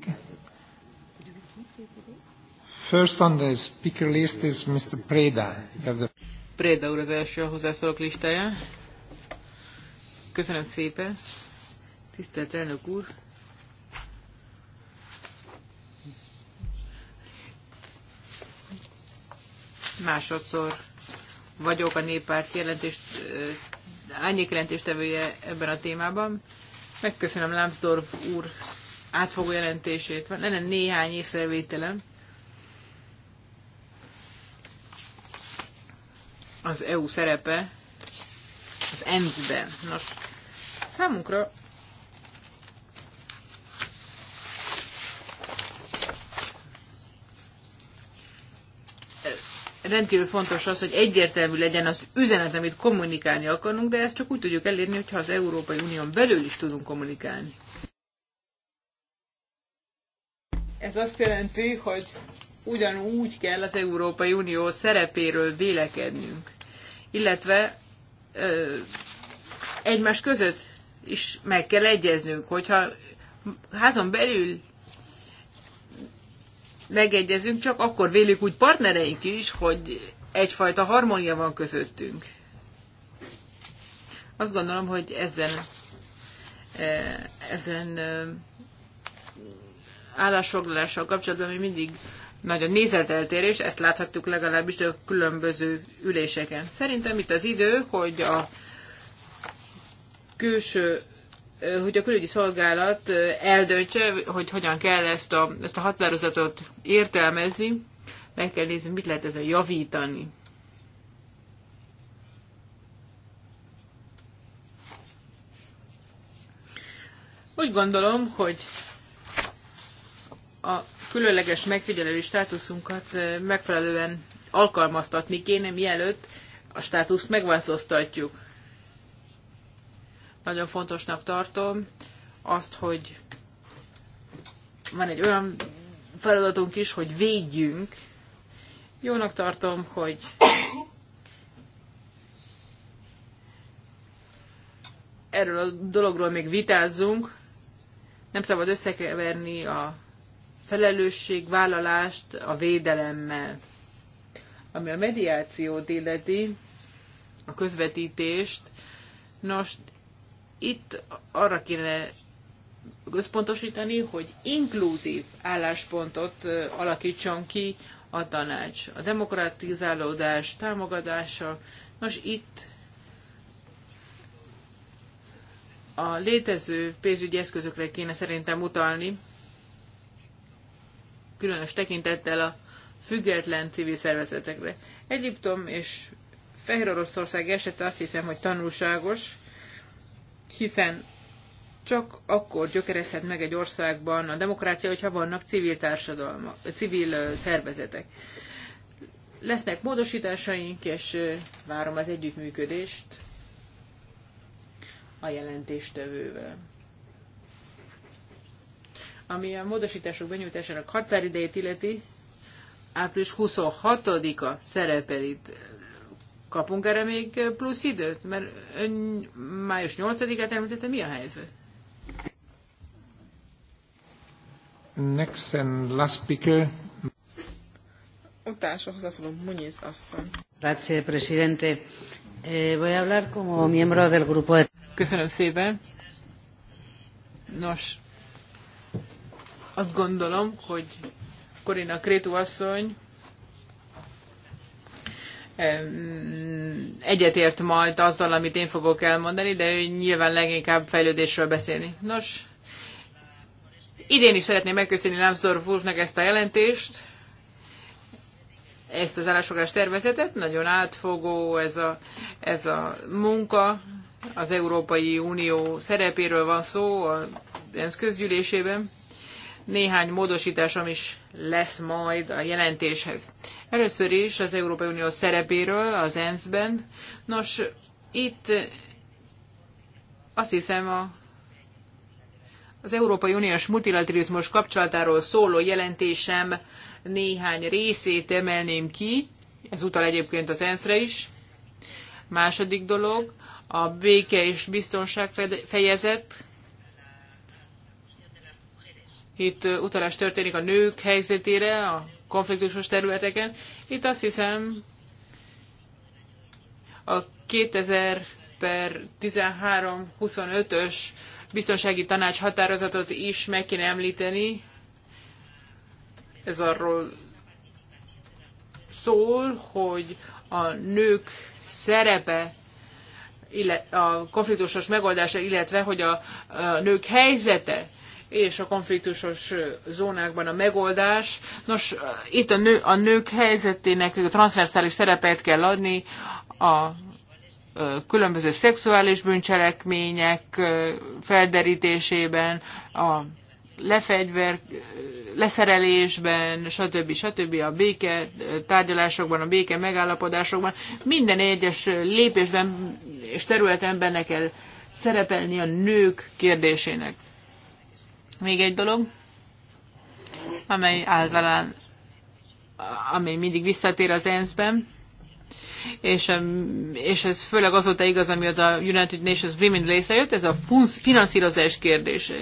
First on the speaker list is Mr. Preda. The... Preda úr az első a hozzászólók listáján. Köszönöm szépen. Tisztelt elnök úr, másodszor vagyok a néppárt jelentést, árnyék jelentéstevője ebben a témában. Megköszönöm Lambsdorff úr átfogó jelentését. Van lenne néhány észrevételem. Az EU szerepe az ENSZ-ben. Nos, számunkra rendkívül fontos az, hogy egyértelmű legyen az üzenet, amit kommunikálni akarunk, de ezt csak úgy tudjuk elérni, hogyha az Európai Unión belül is tudunk kommunikálni. Ez azt jelenti, hogy ugyanúgy kell az Európai Unió szerepéről vélekednünk, illetve ö, egymás között is meg kell egyeznünk, hogyha házon belül megegyezünk, csak akkor vélik úgy partnereink is, hogy egyfajta harmónia van közöttünk. Azt gondolom, hogy ezen, e, ezen e, állásfoglalással kapcsolatban mi mindig nagyon a eltérés, ezt láthattuk legalábbis a különböző üléseken. Szerintem itt az idő, hogy a külső hogy a külügyi szolgálat eldöntse, hogy hogyan kell ezt a, ezt a határozatot értelmezni, meg kell nézni, mit lehet ezzel javítani. Úgy gondolom, hogy a különleges megfigyelői státuszunkat megfelelően alkalmaztatni kéne, mielőtt a státuszt megváltoztatjuk. Nagyon fontosnak tartom azt, hogy van egy olyan feladatunk is, hogy védjünk. Jónak tartom, hogy erről a dologról még vitázzunk. Nem szabad összekeverni a felelősség vállalást a védelemmel. Ami a mediációt illeti, a közvetítést, nos, itt arra kéne központosítani, hogy inkluzív álláspontot alakítson ki a tanács. A demokratizálódás támogatása. Nos, itt a létező pénzügyi eszközökre kéne szerintem utalni, különös tekintettel a független civil szervezetekre. Egyiptom és Fehér Oroszország esete azt hiszem, hogy tanulságos hiszen csak akkor gyökerezhet meg egy országban a demokrácia, hogyha vannak civil társadalma, civil szervezetek. Lesznek módosításaink, és várom az együttműködést a jelentéstevővel. Ami a módosítások benyújtásának határidejét illeti, április 26-a szerepel itt. Kapunk erre még plusz időt? Mert ön május 8-át említette, mi a helyzet? Next and last speaker. Utolsó hozzászólom, Muniz asszony. Grazie, presidente. Eh, voy a hablar como miembro del grupo de... Köszönöm szépen. Nos, azt gondolom, hogy Corina Krétu asszony egyetért majd azzal, amit én fogok elmondani, de ő nyilván leginkább fejlődésről beszélni. Nos, idén is szeretném megköszönni Lambsdorff Wolfnak ezt a jelentést, ezt az állásfogás tervezetet, nagyon átfogó ez a, ez a munka, az Európai Unió szerepéről van szó a ENSZ közgyűlésében néhány módosításom is lesz majd a jelentéshez. Először is az Európai Unió szerepéről az ENSZ-ben. Nos, itt azt hiszem a, az Európai Uniós multilaterizmus kapcsolatáról szóló jelentésem néhány részét emelném ki, ez utal egyébként az ENSZ-re is. Második dolog, a béke és biztonság fejezet, itt utalás történik a nők helyzetére, a konfliktusos területeken. Itt azt hiszem, a 2000 per 13-25-ös biztonsági tanács határozatot is meg kéne említeni. Ez arról szól, hogy a nők szerepe a konfliktusos megoldása, illetve hogy a, a nők helyzete és a konfliktusos zónákban a megoldás. Nos, itt a, nő, a nők helyzetének a transzverszális szerepet kell adni, a különböző szexuális bűncselekmények felderítésében, a lefegyver, leszerelésben, stb. stb. a béke tárgyalásokban, a béke megállapodásokban, minden egyes lépésben és területen benne kell szerepelni a nők kérdésének. Még egy dolog, amely általán, amely mindig visszatér az ENSZ-ben, és, és ez főleg azóta igaz, amióta a United Nations Women létrejött, ez a finanszírozás kérdése.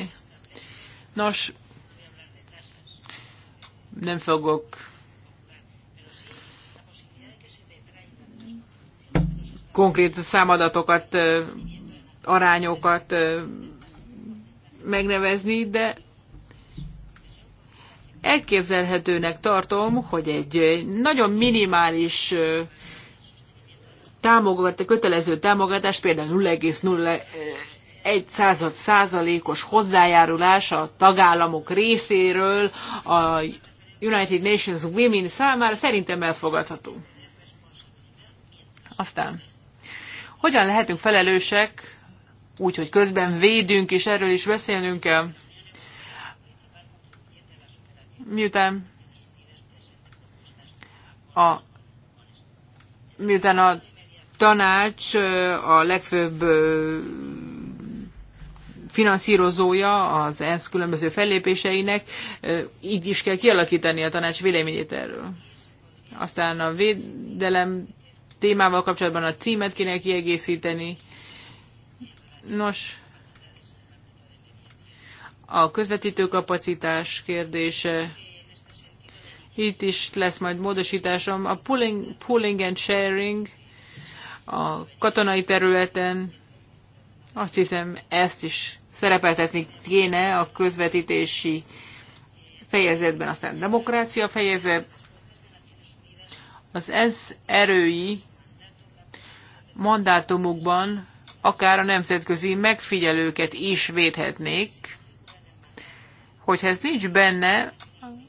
Nos, nem fogok konkrét számadatokat, arányokat megnevezni, de elképzelhetőnek tartom, hogy egy nagyon minimális támogat, kötelező támogatás, például 0,01 század százalékos hozzájárulás a tagállamok részéről a United Nations Women számára szerintem elfogadható. Aztán, hogyan lehetünk felelősek úgy, hogy közben védünk, és erről is beszélnünk kell. Miután a, miután a tanács a legfőbb finanszírozója az ENSZ különböző fellépéseinek, így is kell kialakítani a tanács véleményét erről. Aztán a védelem témával kapcsolatban a címet kéne kiegészíteni, Nos, a közvetítő kapacitás kérdése, itt is lesz majd módosításom. A pooling, pooling and sharing a katonai területen, azt hiszem ezt is szerepeltetni kéne a közvetítési fejezetben, aztán demokrácia fejezet. Az ENSZ erői mandátumukban akár a nemzetközi megfigyelőket is védhetnék. Hogyha ez nincs benne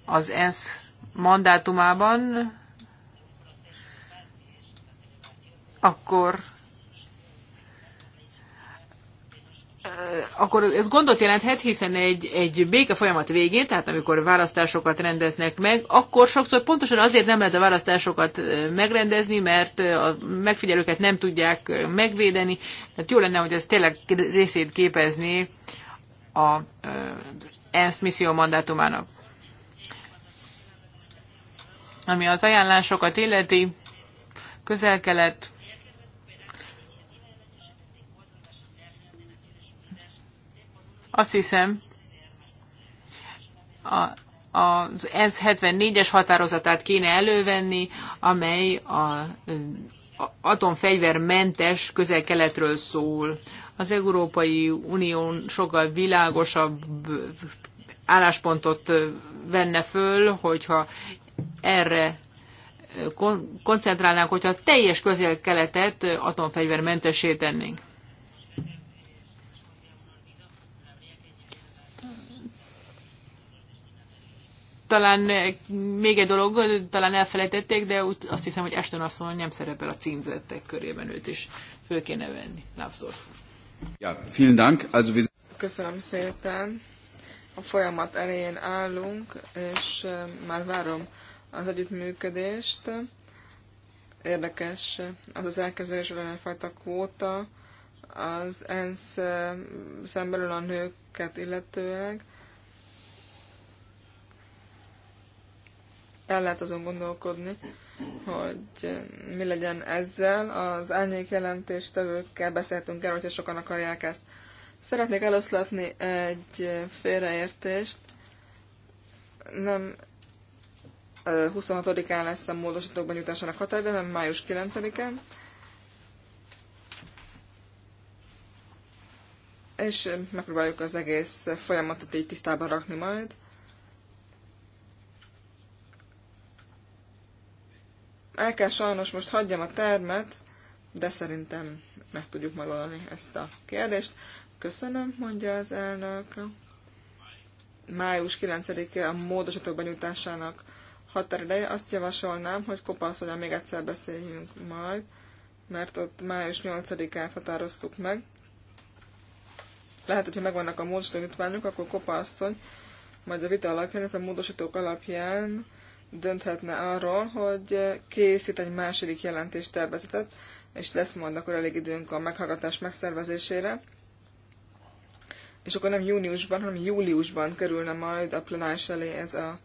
az ENSZ mandátumában, akkor akkor ez gondot jelenthet, hiszen egy, egy béke folyamat végén, tehát amikor választásokat rendeznek meg, akkor sokszor pontosan azért nem lehet a választásokat megrendezni, mert a megfigyelőket nem tudják megvédeni. Tehát jó lenne, hogy ez tényleg részét képezni a ENSZ misszió mandátumának. Ami az ajánlásokat illeti, közel-kelet, Azt hiszem, a, az ENSZ 74-es határozatát kéne elővenni, amely a, a atomfegyvermentes közel-keletről szól. Az Európai Unión sokkal világosabb álláspontot venne föl, hogyha erre koncentrálnánk, hogyha teljes közel-keletet atomfegyvermentessé tennénk. talán még egy dolog, talán elfelejtették, de úgy azt hiszem, hogy Ashton asszony nem szerepel a címzettek körében, őt is föl kéne venni. Lávszor. Ja, vielen Dank. Also wir... Köszönöm szépen. A folyamat elején állunk, és már várom az együttműködést. Érdekes az az elképzelés, hogy lenne fajta kvóta az ENSZ szembelül a nőket illetőleg el lehet azon gondolkodni, hogy mi legyen ezzel. Az árnyék jelentéstevőkkel beszéltünk el, hogyha sokan akarják ezt. Szeretnék eloszlatni egy félreértést. Nem 26-án lesz a módosítók benyújtásának határideje, hanem május 9-en. És megpróbáljuk az egész folyamatot így tisztába rakni majd. El kell sajnos most hagyjam a termet, de szerintem meg tudjuk megoldani ezt a kérdést. Köszönöm, mondja az elnök. Május 9-e a módosítók benyújtásának határideje. Azt javasolnám, hogy kopaszonyan még egyszer beszéljünk majd, mert ott május 8-át határoztuk meg. Lehet, hogyha megvannak a módosítónyitványok, akkor kopaszony majd a vita alapján, illetve a módosítók alapján dönthetne arról, hogy készít egy második tervezetet, és lesz majd akkor elég időnk a meghallgatás megszervezésére. És akkor nem júniusban, hanem júliusban kerülne majd a plenáris elé ez a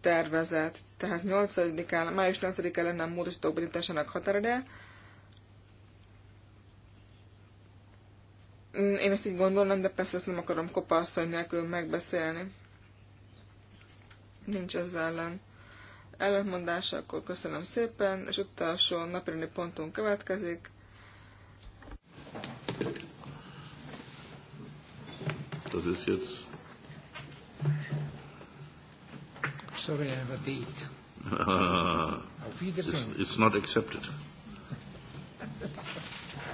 tervezet. Tehát 8-án, május 8-án lenne a módosítók benyújtásának határideje. Én ezt így gondolom, de persze ezt nem akarom kopasszony nélkül megbeszélni. Nincs ezzel ellen ellentmondása, akkor köszönöm szépen, és utolsó napirendi pontunk következik. Das ist jetzt. Sorry, I have a date. Uh, it's, it's not accepted.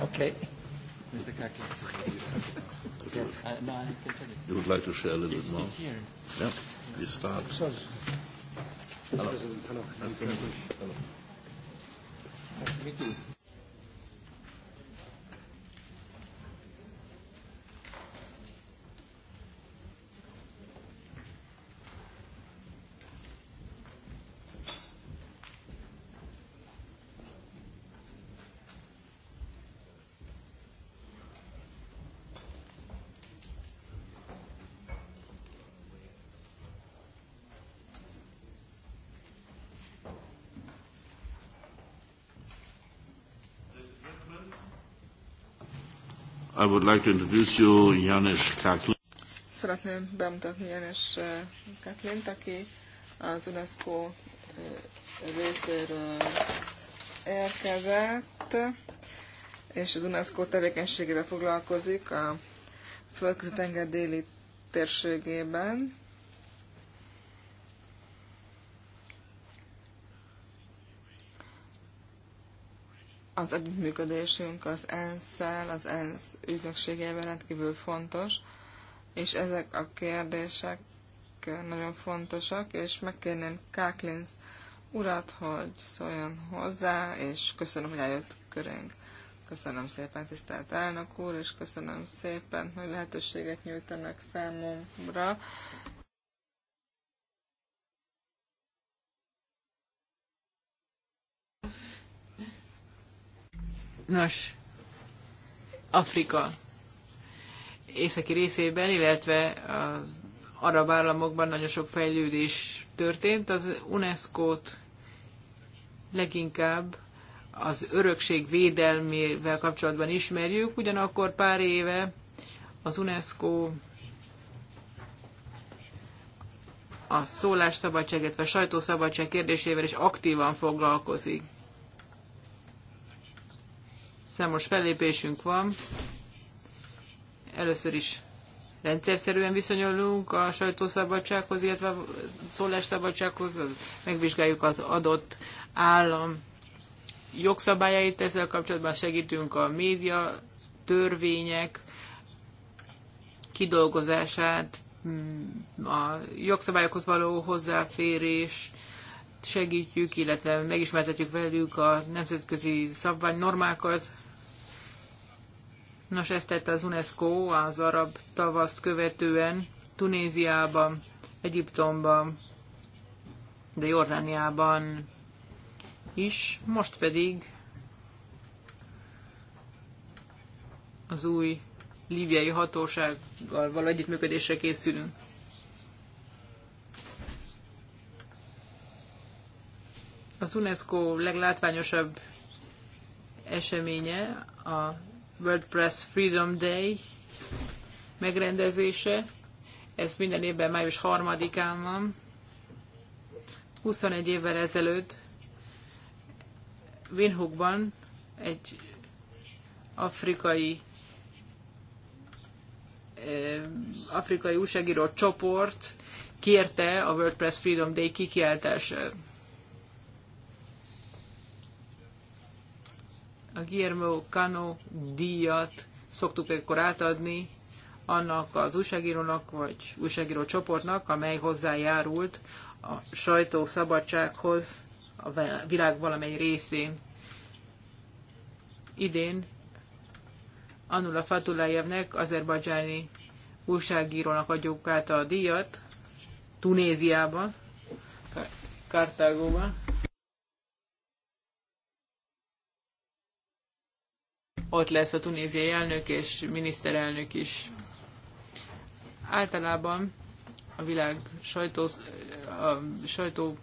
okay. Mr. Kakis. yes, uh, no, I can tell you. You would like to share a little bit more? here. Yeah, we start. Sorry. Hello. Hello. Nice to meet you. I would like to introduce you Janes Kaklin. Szeretném bemutatni Janes eh, Kaklint, aki az UNESCO eh, részéről érkezett, és az UNESCO tevékenységével foglalkozik a földközi tenger déli térségében. az együttműködésünk az ENSZ-szel, az ENSZ ügynökségével rendkívül fontos, és ezek a kérdések nagyon fontosak, és megkérném Káklinsz urat, hogy szóljon hozzá, és köszönöm, hogy eljött körénk. Köszönöm szépen, tisztelt elnök úr, és köszönöm szépen, hogy lehetőséget nyújtanak számomra, Nos, Afrika északi részében, illetve az arab államokban nagyon sok fejlődés történt. Az UNESCO-t leginkább az örökség védelmével kapcsolatban ismerjük, ugyanakkor pár éve az UNESCO a szólásszabadság, illetve a sajtószabadság kérdésével is aktívan foglalkozik. Számos fellépésünk van. Először is rendszerszerűen viszonyulunk a sajtószabadsághoz, illetve a szólásszabadsághoz, megvizsgáljuk az adott állam jogszabályait, ezzel kapcsolatban segítünk a média törvények kidolgozását, mm, a jogszabályokhoz való hozzáférés, segítjük, illetve megismertetjük velük a nemzetközi szabványnormákat, Nos, ezt tette az UNESCO az arab tavaszt követően Tunéziában, Egyiptomban, de Jordániában is, most pedig az új líbiai hatósággal való együttműködésre készülünk. Az UNESCO leglátványosabb eseménye a WordPress Freedom Day megrendezése. Ez minden évben május harmadikán van. 21 évvel ezelőtt Winhookban egy afrikai eh, afrikai újságíró csoport kérte a WordPress Freedom Day kikiáltását. a Guillermo Cano díjat szoktuk ekkor átadni annak az újságírónak vagy újságíró csoportnak, amely hozzájárult a sajtó szabadsághoz a világ valamely részén. Idén Anula Fatulájevnek, azerbajdzsáni újságírónak adjuk át a díjat Tunéziában, Kartágóban. ott lesz a tunéziai elnök és miniszterelnök is. Általában a világ sajtó, a sajtó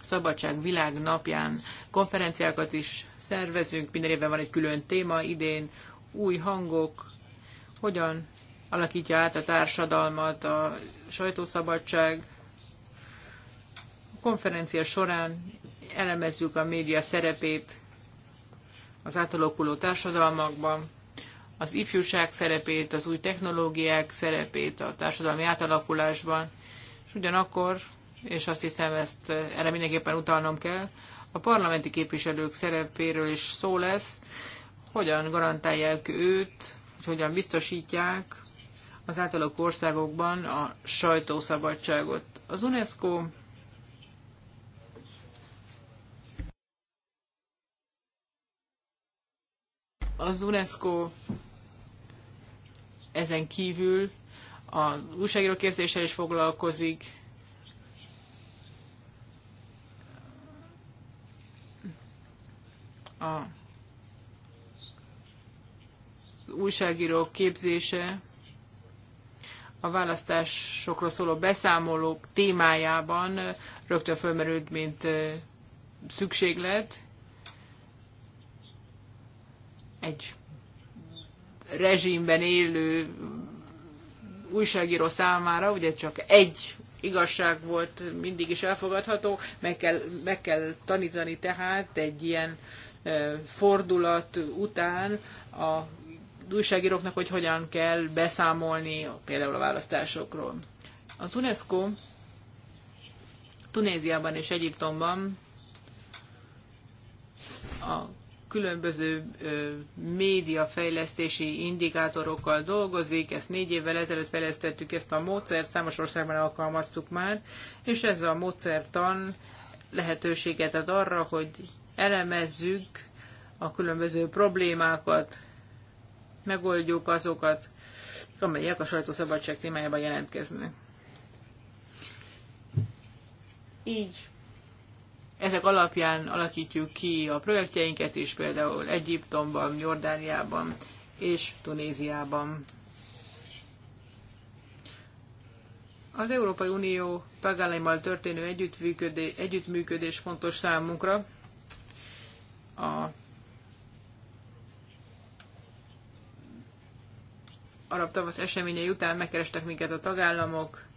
szabadság világ napján konferenciákat is szervezünk, minden évben van egy külön téma, idén új hangok, hogyan alakítja át a társadalmat a sajtószabadság. A konferencia során elemezzük a média szerepét az átalakuló társadalmakban, az ifjúság szerepét, az új technológiák szerepét a társadalmi átalakulásban, és ugyanakkor, és azt hiszem ezt erre mindenképpen utalnom kell, a parlamenti képviselők szerepéről is szó lesz, hogyan garantálják őt, hogy hogyan biztosítják az átalakuló országokban a sajtószabadságot. Az UNESCO Az UNESCO ezen kívül az újságíró képzéssel is foglalkozik, a újságíró képzése a választásokról szóló beszámolók témájában rögtön fölmerült, mint szükséglet egy rezsimben élő újságíró számára, ugye csak egy igazság volt mindig is elfogadható, meg kell, meg kell tanítani tehát egy ilyen fordulat után a újságíróknak, hogy hogyan kell beszámolni például a választásokról. Az UNESCO Tunéziában és Egyiptomban a különböző médiafejlesztési indikátorokkal dolgozik, ezt négy évvel ezelőtt fejlesztettük ezt a módszert, számos országban alkalmaztuk már, és ez a módszertan lehetőséget ad arra, hogy elemezzük a különböző problémákat, megoldjuk azokat, amelyek a sajtószabadság témájában jelentkeznek. Így ezek alapján alakítjuk ki a projektjeinket is, például Egyiptomban, Jordániában és Tunéziában. Az Európai Unió tagállamival történő együttműködés, együttműködés fontos számunkra. A arab tavasz eseményei után megkerestek minket a tagállamok,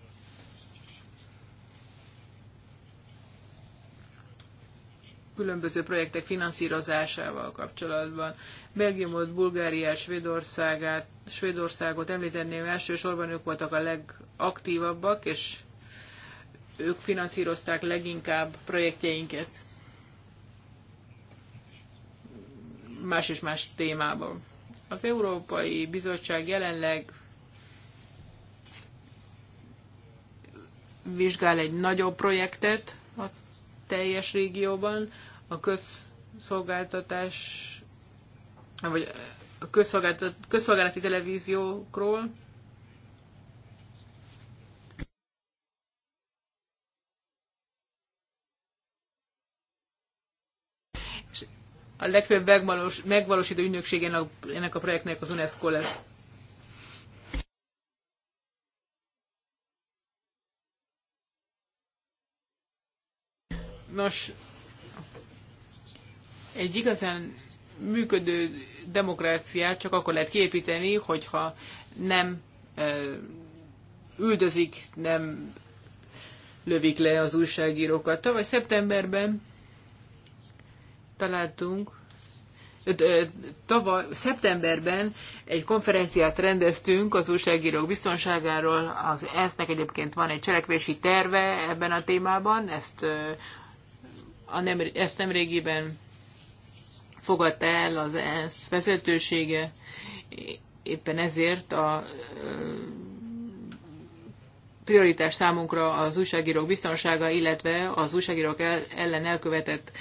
különböző projektek finanszírozásával kapcsolatban. Belgiumot, Bulgáriát, Svédországát, Svédországot említeném elsősorban, ők voltak a legaktívabbak, és ők finanszírozták leginkább projektjeinket. Más és más témában. Az Európai Bizottság jelenleg vizsgál egy nagyobb projektet a teljes régióban, a közszolgáltatás, vagy a közszolgáltat, közszolgálati televíziókról, és a legfőbb megvalós, megvalósító ügynökség ennek, ennek a projektnek az UNESCO lesz. Nos, egy igazán működő demokráciát csak akkor lehet kiépíteni, hogyha nem üldözik, nem lövik le az újságírókat. Tavaly szeptemberben találtunk, tavaly szeptemberben egy konferenciát rendeztünk az újságírók biztonságáról. Az ENSZ-nek egyébként van egy cselekvési terve ebben a témában, ezt a nem, ezt nemrégiben fogadta el az ENSZ vezetősége, éppen ezért a prioritás számunkra az újságírók biztonsága, illetve az újságírók ellen elkövetett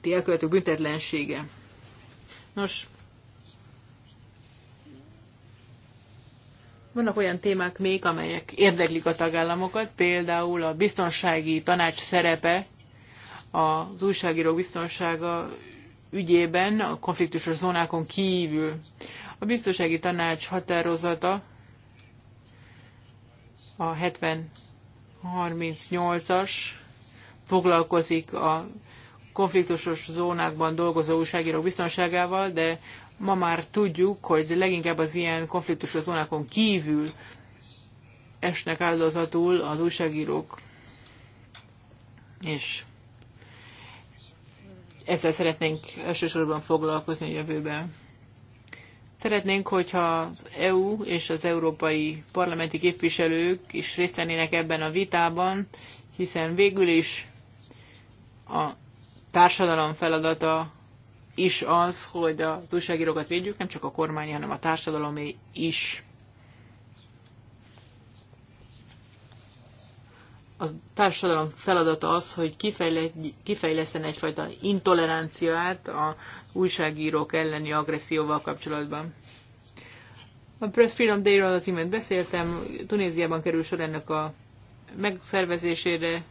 ti elkövető büntetlensége. Nos, vannak olyan témák még, amelyek érdeklik a tagállamokat, például a biztonsági tanács szerepe az újságírók biztonsága ügyében a konfliktusos zónákon kívül. A biztonsági tanács határozata a 7038-as foglalkozik a konfliktusos zónákban dolgozó újságírók biztonságával, de ma már tudjuk, hogy leginkább az ilyen konfliktusos zónákon kívül esnek áldozatul az újságírók. És ezzel szeretnénk elsősorban foglalkozni a jövőben. Szeretnénk, hogyha az EU és az európai parlamenti képviselők is részt vennének ebben a vitában, hiszen végül is a társadalom feladata is az, hogy az újságírókat védjük, nem csak a kormány, hanem a társadalomé is. a társadalom feladata az, hogy kifejleszten egyfajta intoleranciát a újságírók elleni agresszióval kapcsolatban. A Press Freedom Day-ről az imént beszéltem, Tunéziában kerül sor ennek a megszervezésére.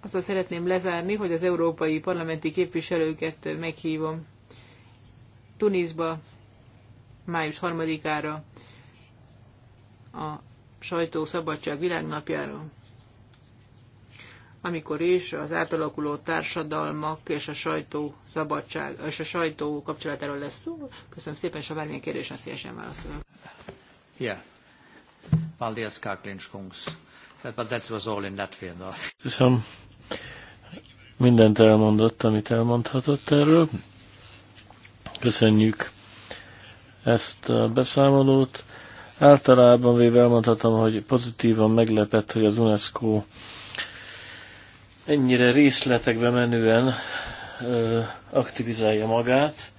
Azzal szeretném lezárni, hogy az európai parlamenti képviselőket meghívom Tunízba május 3-ára a szabadság világnapjáról amikor is az átalakuló társadalmak és a sajtó szabadság, és a sajtó kapcsolatáról lesz szó. Köszönöm szépen, és ha bármilyen kérdésen szívesen válaszolok. Yeah. Paldies, Káklincs Kungs. Hát, but that was all in that though. Köszönöm. mindent elmondott, amit elmondhatott erről. Köszönjük ezt a beszámolót. Általában véve elmondhatom, hogy pozitívan meglepett, hogy az UNESCO ennyire részletekbe menően ö, aktivizálja magát,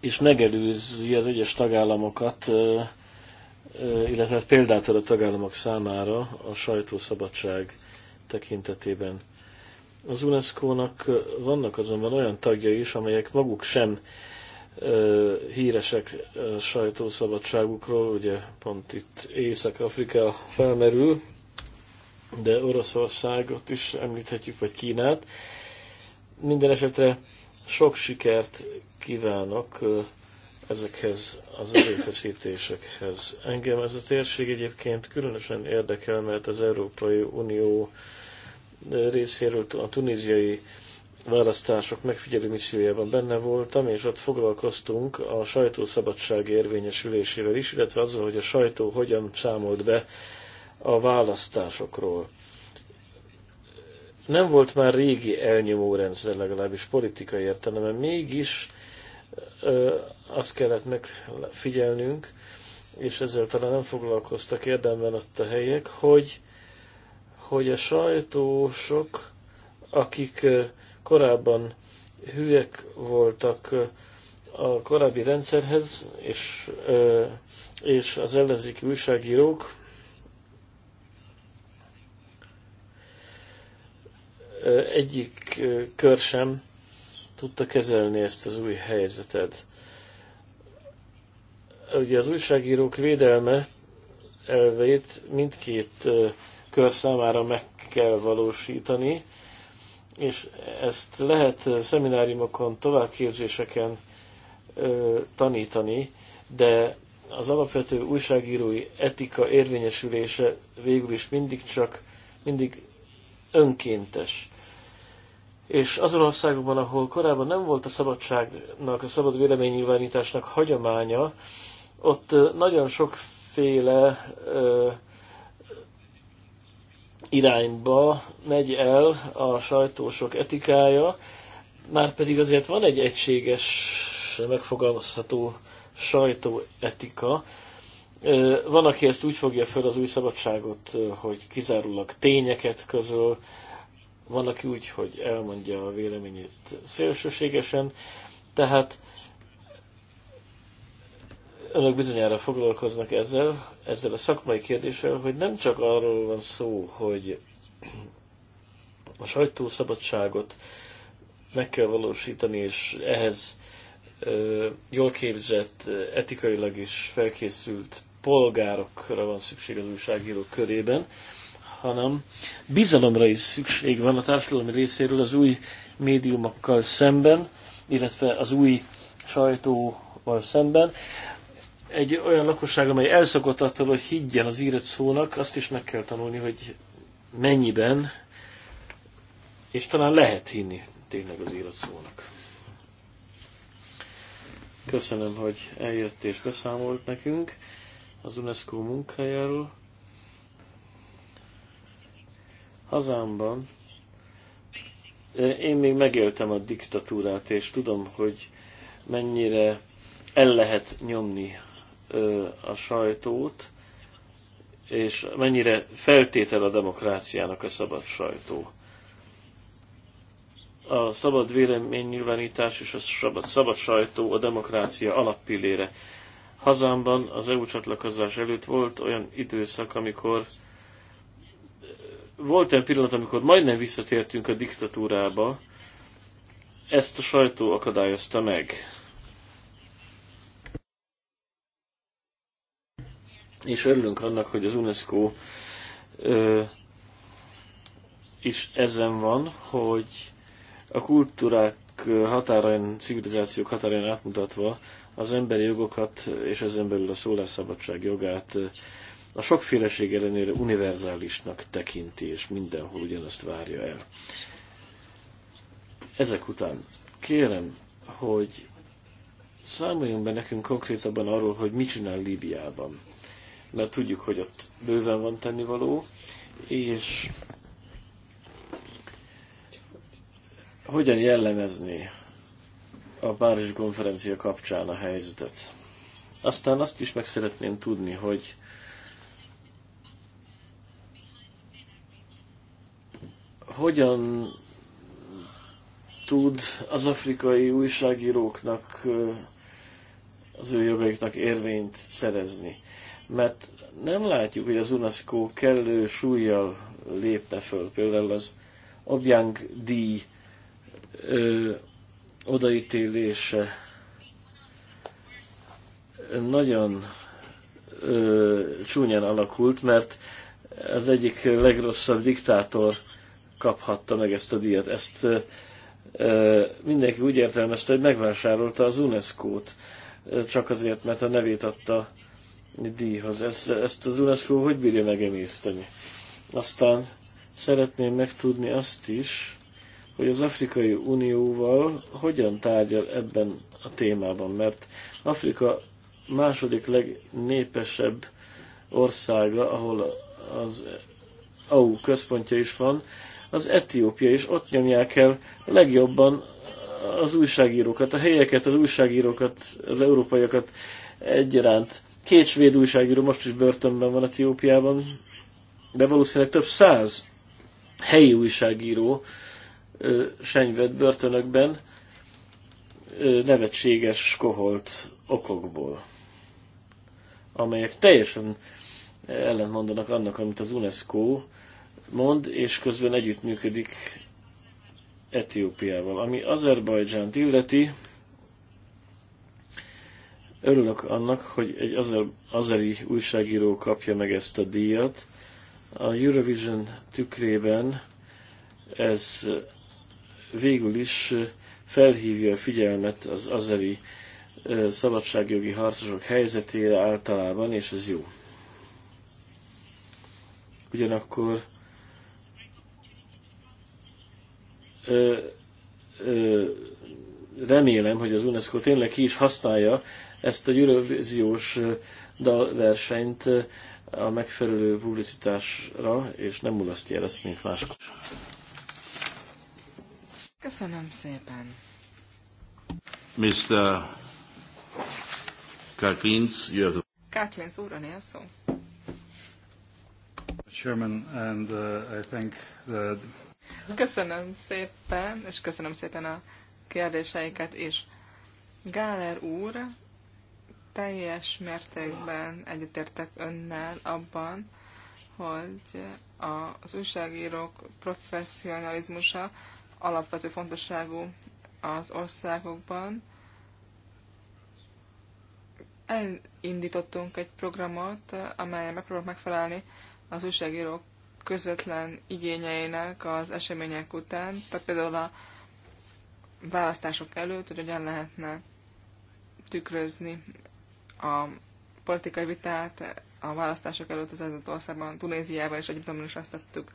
és megelőzi az egyes tagállamokat, ö, ö, illetve hát példát ad a tagállamok számára a sajtószabadság tekintetében. Az UNESCO-nak vannak azonban olyan tagjai is, amelyek maguk sem ö, híresek sajtószabadságukról, ugye pont itt Észak-Afrika felmerül, de Oroszországot is említhetjük, vagy Kínát. Minden esetre sok sikert kívánok ezekhez az erőfeszítésekhez. Engem ez a térség egyébként különösen érdekel, mert az Európai Unió részéről a tunéziai választások megfigyelő missziójában benne voltam, és ott foglalkoztunk a sajtószabadság érvényesülésével is, illetve azzal, hogy a sajtó hogyan számolt be a választásokról. Nem volt már régi elnyomó rendszer, legalábbis politikai értelemben, mégis ö, azt kellett megfigyelnünk, és ezzel talán nem foglalkoztak érdemben ott a helyek, hogy, hogy a sajtósok, akik korábban hülyek voltak a korábbi rendszerhez, és, és az ellenzéki újságírók egyik kör sem tudta kezelni ezt az új helyzetet. Ugye az újságírók védelme elveit mindkét kör számára meg kell valósítani, és ezt lehet szemináriumokon, továbbképzéseken tanítani, de az alapvető újságírói etika érvényesülése végül is mindig csak, mindig önkéntes és azon országokban, ahol korábban nem volt a szabadságnak, a szabad véleménynyilvánításnak hagyománya, ott nagyon sokféle ö, irányba megy el a sajtósok etikája, már pedig azért van egy egységes, megfogalmazható sajtóetika. Van, aki ezt úgy fogja föl az új szabadságot, hogy kizárólag tényeket közöl, van, aki úgy, hogy elmondja a véleményét szélsőségesen, tehát önök bizonyára foglalkoznak ezzel, ezzel a szakmai kérdéssel, hogy nem csak arról van szó, hogy a sajtószabadságot meg kell valósítani, és ehhez ö, jól képzett, etikailag is felkészült polgárokra van szükség az újságírók körében, hanem bizalomra is szükség van a társadalmi részéről az új médiumokkal szemben, illetve az új sajtóval szemben. Egy olyan lakosság, amely elszokott attól, hogy higgyen az írott szónak, azt is meg kell tanulni, hogy mennyiben, és talán lehet hinni tényleg az írott szónak. Köszönöm, hogy eljött és beszámolt nekünk az UNESCO munkájáról. Hazámban eh, én még megéltem a diktatúrát, és tudom, hogy mennyire el lehet nyomni eh, a sajtót, és mennyire feltétel a demokráciának a szabad sajtó. A szabad véleménynyilvánítás és a szabad, szabad sajtó a demokrácia alappillére. Hazámban az EU csatlakozás előtt volt olyan időszak, amikor volt olyan pillanat, amikor majdnem visszatértünk a diktatúrába, ezt a sajtó akadályozta meg. És örülünk annak, hogy az UNESCO ö, is ezen van, hogy a kultúrák határain, civilizációk határain átmutatva az emberi jogokat és ezen belül a szólásszabadság jogát a sokféleség ellenére univerzálisnak tekinti, és mindenhol ugyanazt várja el. Ezek után kérem, hogy számoljon be nekünk konkrétabban arról, hogy mit csinál Líbiában. Mert tudjuk, hogy ott bőven van tennivaló, és hogyan jellemezni a Párizsi konferencia kapcsán a helyzetet. Aztán azt is meg szeretném tudni, hogy hogyan tud az afrikai újságíróknak az ő jogaiknak érvényt szerezni. Mert nem látjuk, hogy az UNESCO kellő súlyjal lépne föl. Például az Objang díj ö, odaítélése nagyon ö, csúnyan alakult, mert az egyik legrosszabb diktátor kaphatta meg ezt a díjat. Ezt mindenki úgy értelmezte, hogy megvásárolta az UNESCO-t, csak azért, mert a nevét adta díjhoz. Ezt, ezt az UNESCO hogy bírja megemészteni? Aztán szeretném megtudni azt is, hogy az Afrikai Unióval hogyan tárgyal ebben a témában, mert Afrika második legnépesebb országa, ahol az AU e központja is van, az Etiópia, és ott nyomják el legjobban az újságírókat, a helyeket, az újságírókat, az európaiakat egyaránt. Két svéd újságíró most is börtönben van Etiópiában, de valószínűleg több száz helyi újságíró ö, senyved börtönökben ö, nevetséges koholt okokból, amelyek teljesen ellentmondanak annak, amit az UNESCO mond, és közben együttműködik Etiópiával. Ami Azerbajdzsánt illeti, örülök annak, hogy egy azer, azeri újságíró kapja meg ezt a díjat. A Eurovision tükrében ez végül is felhívja a figyelmet az azeri szabadságjogi harcosok helyzetére általában, és ez jó. Ugyanakkor ö, ö, remélem, hogy az UNESCO tényleg ki is használja ezt a Eurovíziós dalversenyt a megfelelő publicitásra, és nem mulasztja el ezt, mint máskor. Köszönöm szépen. Mr. Kalkins, jöjjön. have Kalkins úr, a szó. Chairman, and uh, I think that Köszönöm szépen, és köszönöm szépen a kérdéseiket is. Gáler úr, teljes mértékben egyetértek önnel abban, hogy az újságírók professzionalizmusa alapvető fontosságú az országokban. Elindítottunk egy programot, amelyen megpróbálok megfelelni az újságírók közvetlen igényeinek az események után, tehát például a választások előtt, hogy hogyan lehetne tükrözni a politikai vitát a választások előtt az adott országban, Tunéziában és Egyiptomban is azt tettük.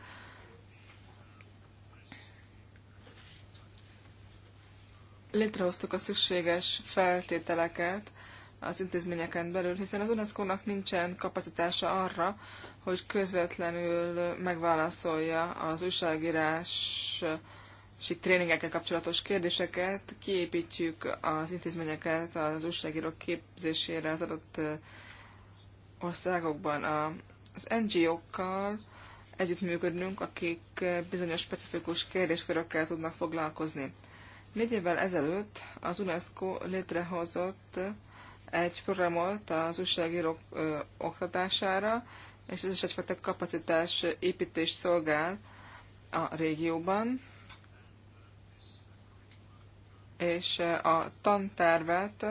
Létrehoztuk a szükséges feltételeket az intézményeken belül, hiszen az UNESCO-nak nincsen kapacitása arra, hogy közvetlenül megválaszolja az újságírási tréningekkel kapcsolatos kérdéseket, kiépítjük az intézményeket az újságírók képzésére az adott országokban. Az NGO-kkal együttműködnünk, akik bizonyos specifikus kérdéskörökkel tudnak foglalkozni. Négy évvel ezelőtt az UNESCO létrehozott egy programot az újságírók ö, oktatására, és ez is egyfajta kapacitás építés szolgál a régióban. És eh, a tantárvet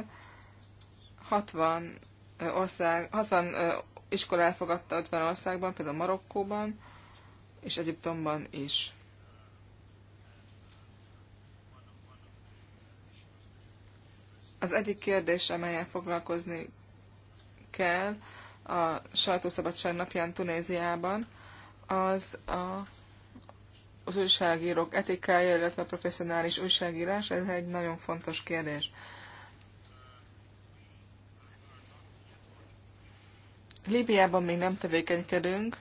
60 eh, ország, 60 eh, iskola elfogadta 50 országban, például Marokkóban és Egyiptomban is. Az egyik kérdés, amelyen foglalkozni kell, a sajtószabadság napján Tunéziában, az a, az újságírók etikája, illetve a professzionális újságírás, ez egy nagyon fontos kérdés. Líbiában még nem tevékenykedünk,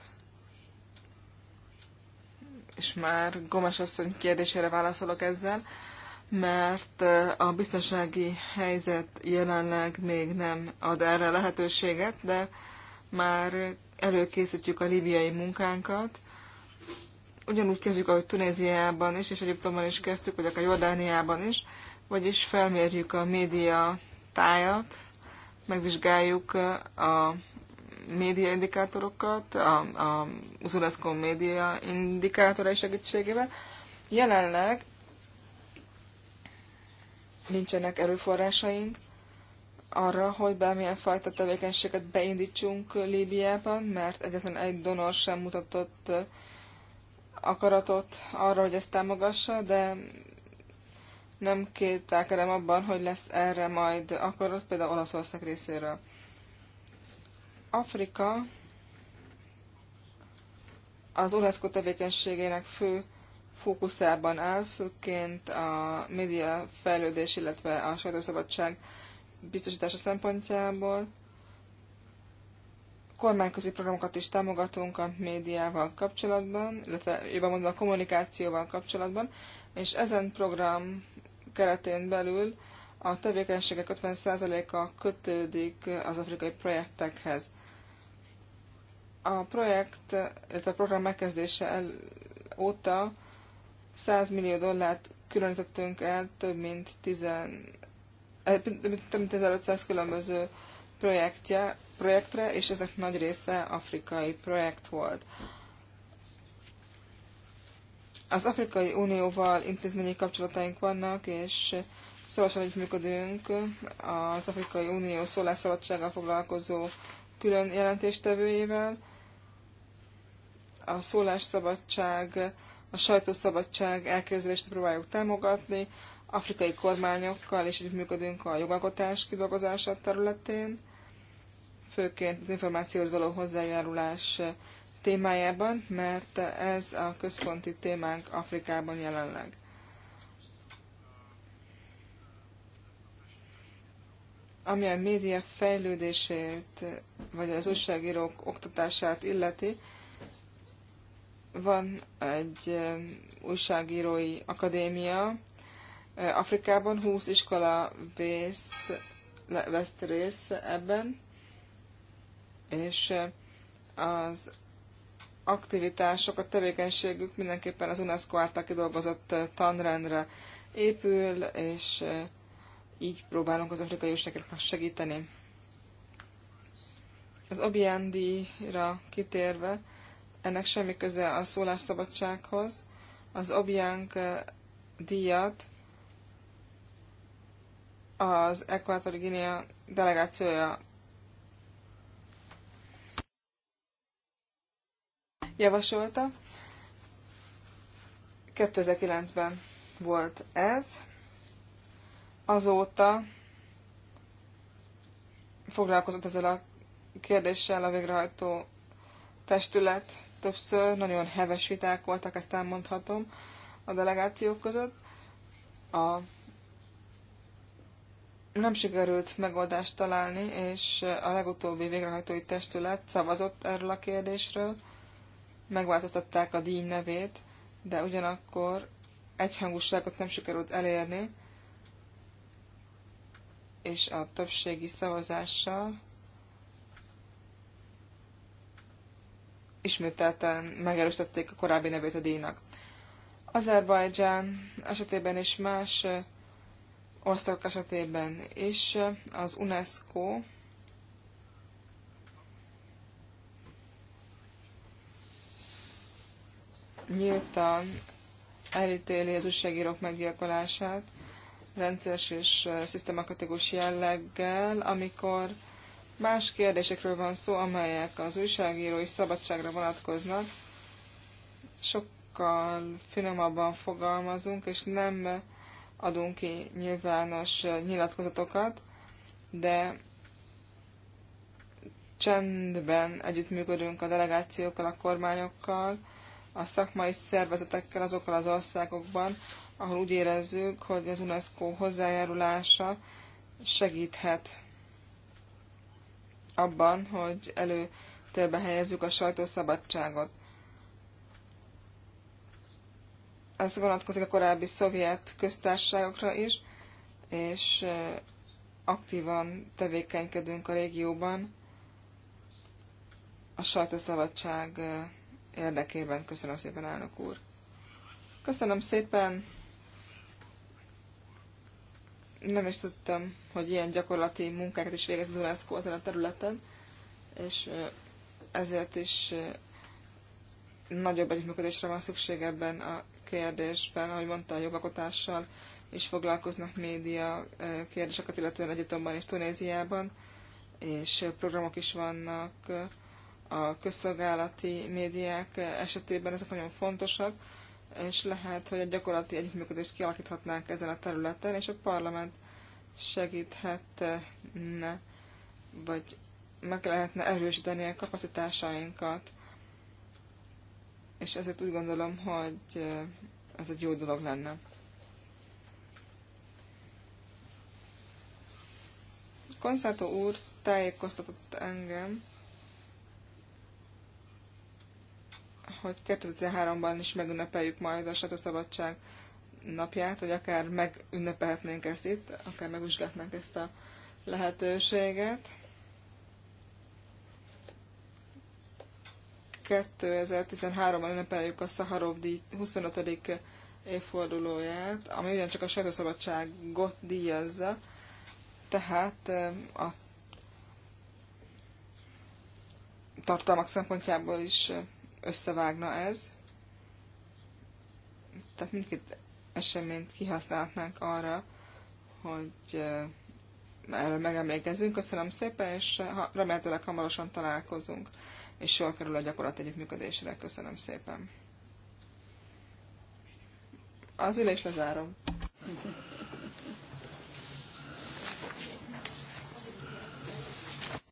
és már Gomes asszony kérdésére válaszolok ezzel, mert eh, a biztonsági helyzet jelenleg még nem ad erre lehetőséget, de már előkészítjük a libiai munkánkat. Ugyanúgy kezdjük, ahogy Tunéziában is, és Egyiptomban is kezdtük, vagy akár Jordániában is, vagyis felmérjük a média tájat, megvizsgáljuk a média indikátorokat, a, a, az UNESCO média indikátorai segítségével. Jelenleg nincsenek erőforrásaink, arra, hogy bármilyen fajta tevékenységet beindítsunk Líbiában, mert egyetlen egy donor sem mutatott akaratot arra, hogy ezt támogassa, de nem kételkedem abban, hogy lesz erre majd akarat, például Olaszország részéről. Afrika az UNESCO tevékenységének fő fókuszában áll, főként a média fejlődés, illetve a sajtószabadság biztosítása szempontjából. Kormányközi programokat is támogatunk a médiával kapcsolatban, illetve jobban mondva a kommunikációval kapcsolatban, és ezen program keretén belül a tevékenységek 50%-a kötődik az afrikai projektekhez. A projekt, illetve a program megkezdése el, óta 100 millió dollárt különítettünk el több mint 10 több eh, mint 1500 különböző projektje, projektre, és ezek nagy része afrikai projekt volt. Az Afrikai Unióval intézményi kapcsolataink vannak, és szorosan együttműködünk az Afrikai Unió szólásszabadsággal foglalkozó külön jelentéstevőjével. A szólásszabadság, a sajtószabadság elképzelését próbáljuk támogatni, afrikai kormányokkal is együttműködünk a jogalkotás kidolgozása területén, főként az információhoz való hozzájárulás témájában, mert ez a központi témánk Afrikában jelenleg. Ami a média fejlődését, vagy az újságírók oktatását illeti, van egy újságírói akadémia, Afrikában 20 iskola vész, vesz részt ebben, és az aktivitások, a tevékenységük mindenképpen az UNESCO által kidolgozott tanrendre épül, és így próbálunk az afrikai ősnekeknek segíteni. Az Obiandi-ra kitérve, ennek semmi köze a szólásszabadsághoz. Az Obiang díjat az Ekvátori Guinea delegációja javasolta. 2009-ben volt ez. Azóta foglalkozott ezzel a kérdéssel a végrehajtó testület többször. Nagyon heves viták voltak, ezt elmondhatom a delegációk között. A nem sikerült megoldást találni, és a legutóbbi végrehajtói testület szavazott erről a kérdésről, megváltoztatták a díj nevét, de ugyanakkor egyhangúságot nem sikerült elérni, és a többségi szavazással ismételten megerősítették a korábbi nevét a díjnak. Azerbajdzsán esetében is más országok esetében is az UNESCO nyíltan elítéli az újságírók meggyilkolását rendszeres és szisztematikus jelleggel, amikor más kérdésekről van szó, amelyek az újságírói szabadságra vonatkoznak, sokkal finomabban fogalmazunk, és nem adunk ki nyilvános nyilatkozatokat, de csendben együttműködünk a delegációkkal, a kormányokkal, a szakmai szervezetekkel azokkal az országokban, ahol úgy érezzük, hogy az UNESCO hozzájárulása segíthet abban, hogy előtérbe helyezzük a sajtószabadságot. ez vonatkozik a korábbi szovjet köztársaságokra is, és aktívan tevékenykedünk a régióban a sajtószabadság érdekében. Köszönöm szépen, elnök úr! Köszönöm szépen! Nem is tudtam, hogy ilyen gyakorlati munkákat is végez az UNESCO ezen a területen, és ezért is nagyobb együttműködésre van szükség ebben a kérdésben, ahogy mondta, a jogalkotással is foglalkoznak média kérdéseket, illetően Egyiptomban és Tunéziában, és programok is vannak a közszolgálati médiák esetében, ezek nagyon fontosak, és lehet, hogy egy gyakorlati együttműködést kialakíthatnánk ezen a területen, és a parlament segíthetne, vagy meg lehetne erősíteni a kapacitásainkat és ezért úgy gondolom, hogy ez egy jó dolog lenne. Konszátó úr tájékoztatott engem, hogy 2013-ban is megünnepeljük majd a szabadság napját, hogy akár megünnepelhetnénk ezt itt, akár megvizsgálhatnánk ezt a lehetőséget. 2013-ban ünnepeljük a Szaharov díj 25. évfordulóját, ami ugyancsak a sajtószabadságot díjazza, tehát a tartalmak szempontjából is összevágna ez. Tehát mindkét eseményt kihasználhatnánk arra, hogy erről megemlékezünk. Köszönöm szépen, és remélhetőleg hamarosan találkozunk és sor kerül a gyakorlat együttműködésre. Köszönöm szépen. Az ülés lezárom. Okay.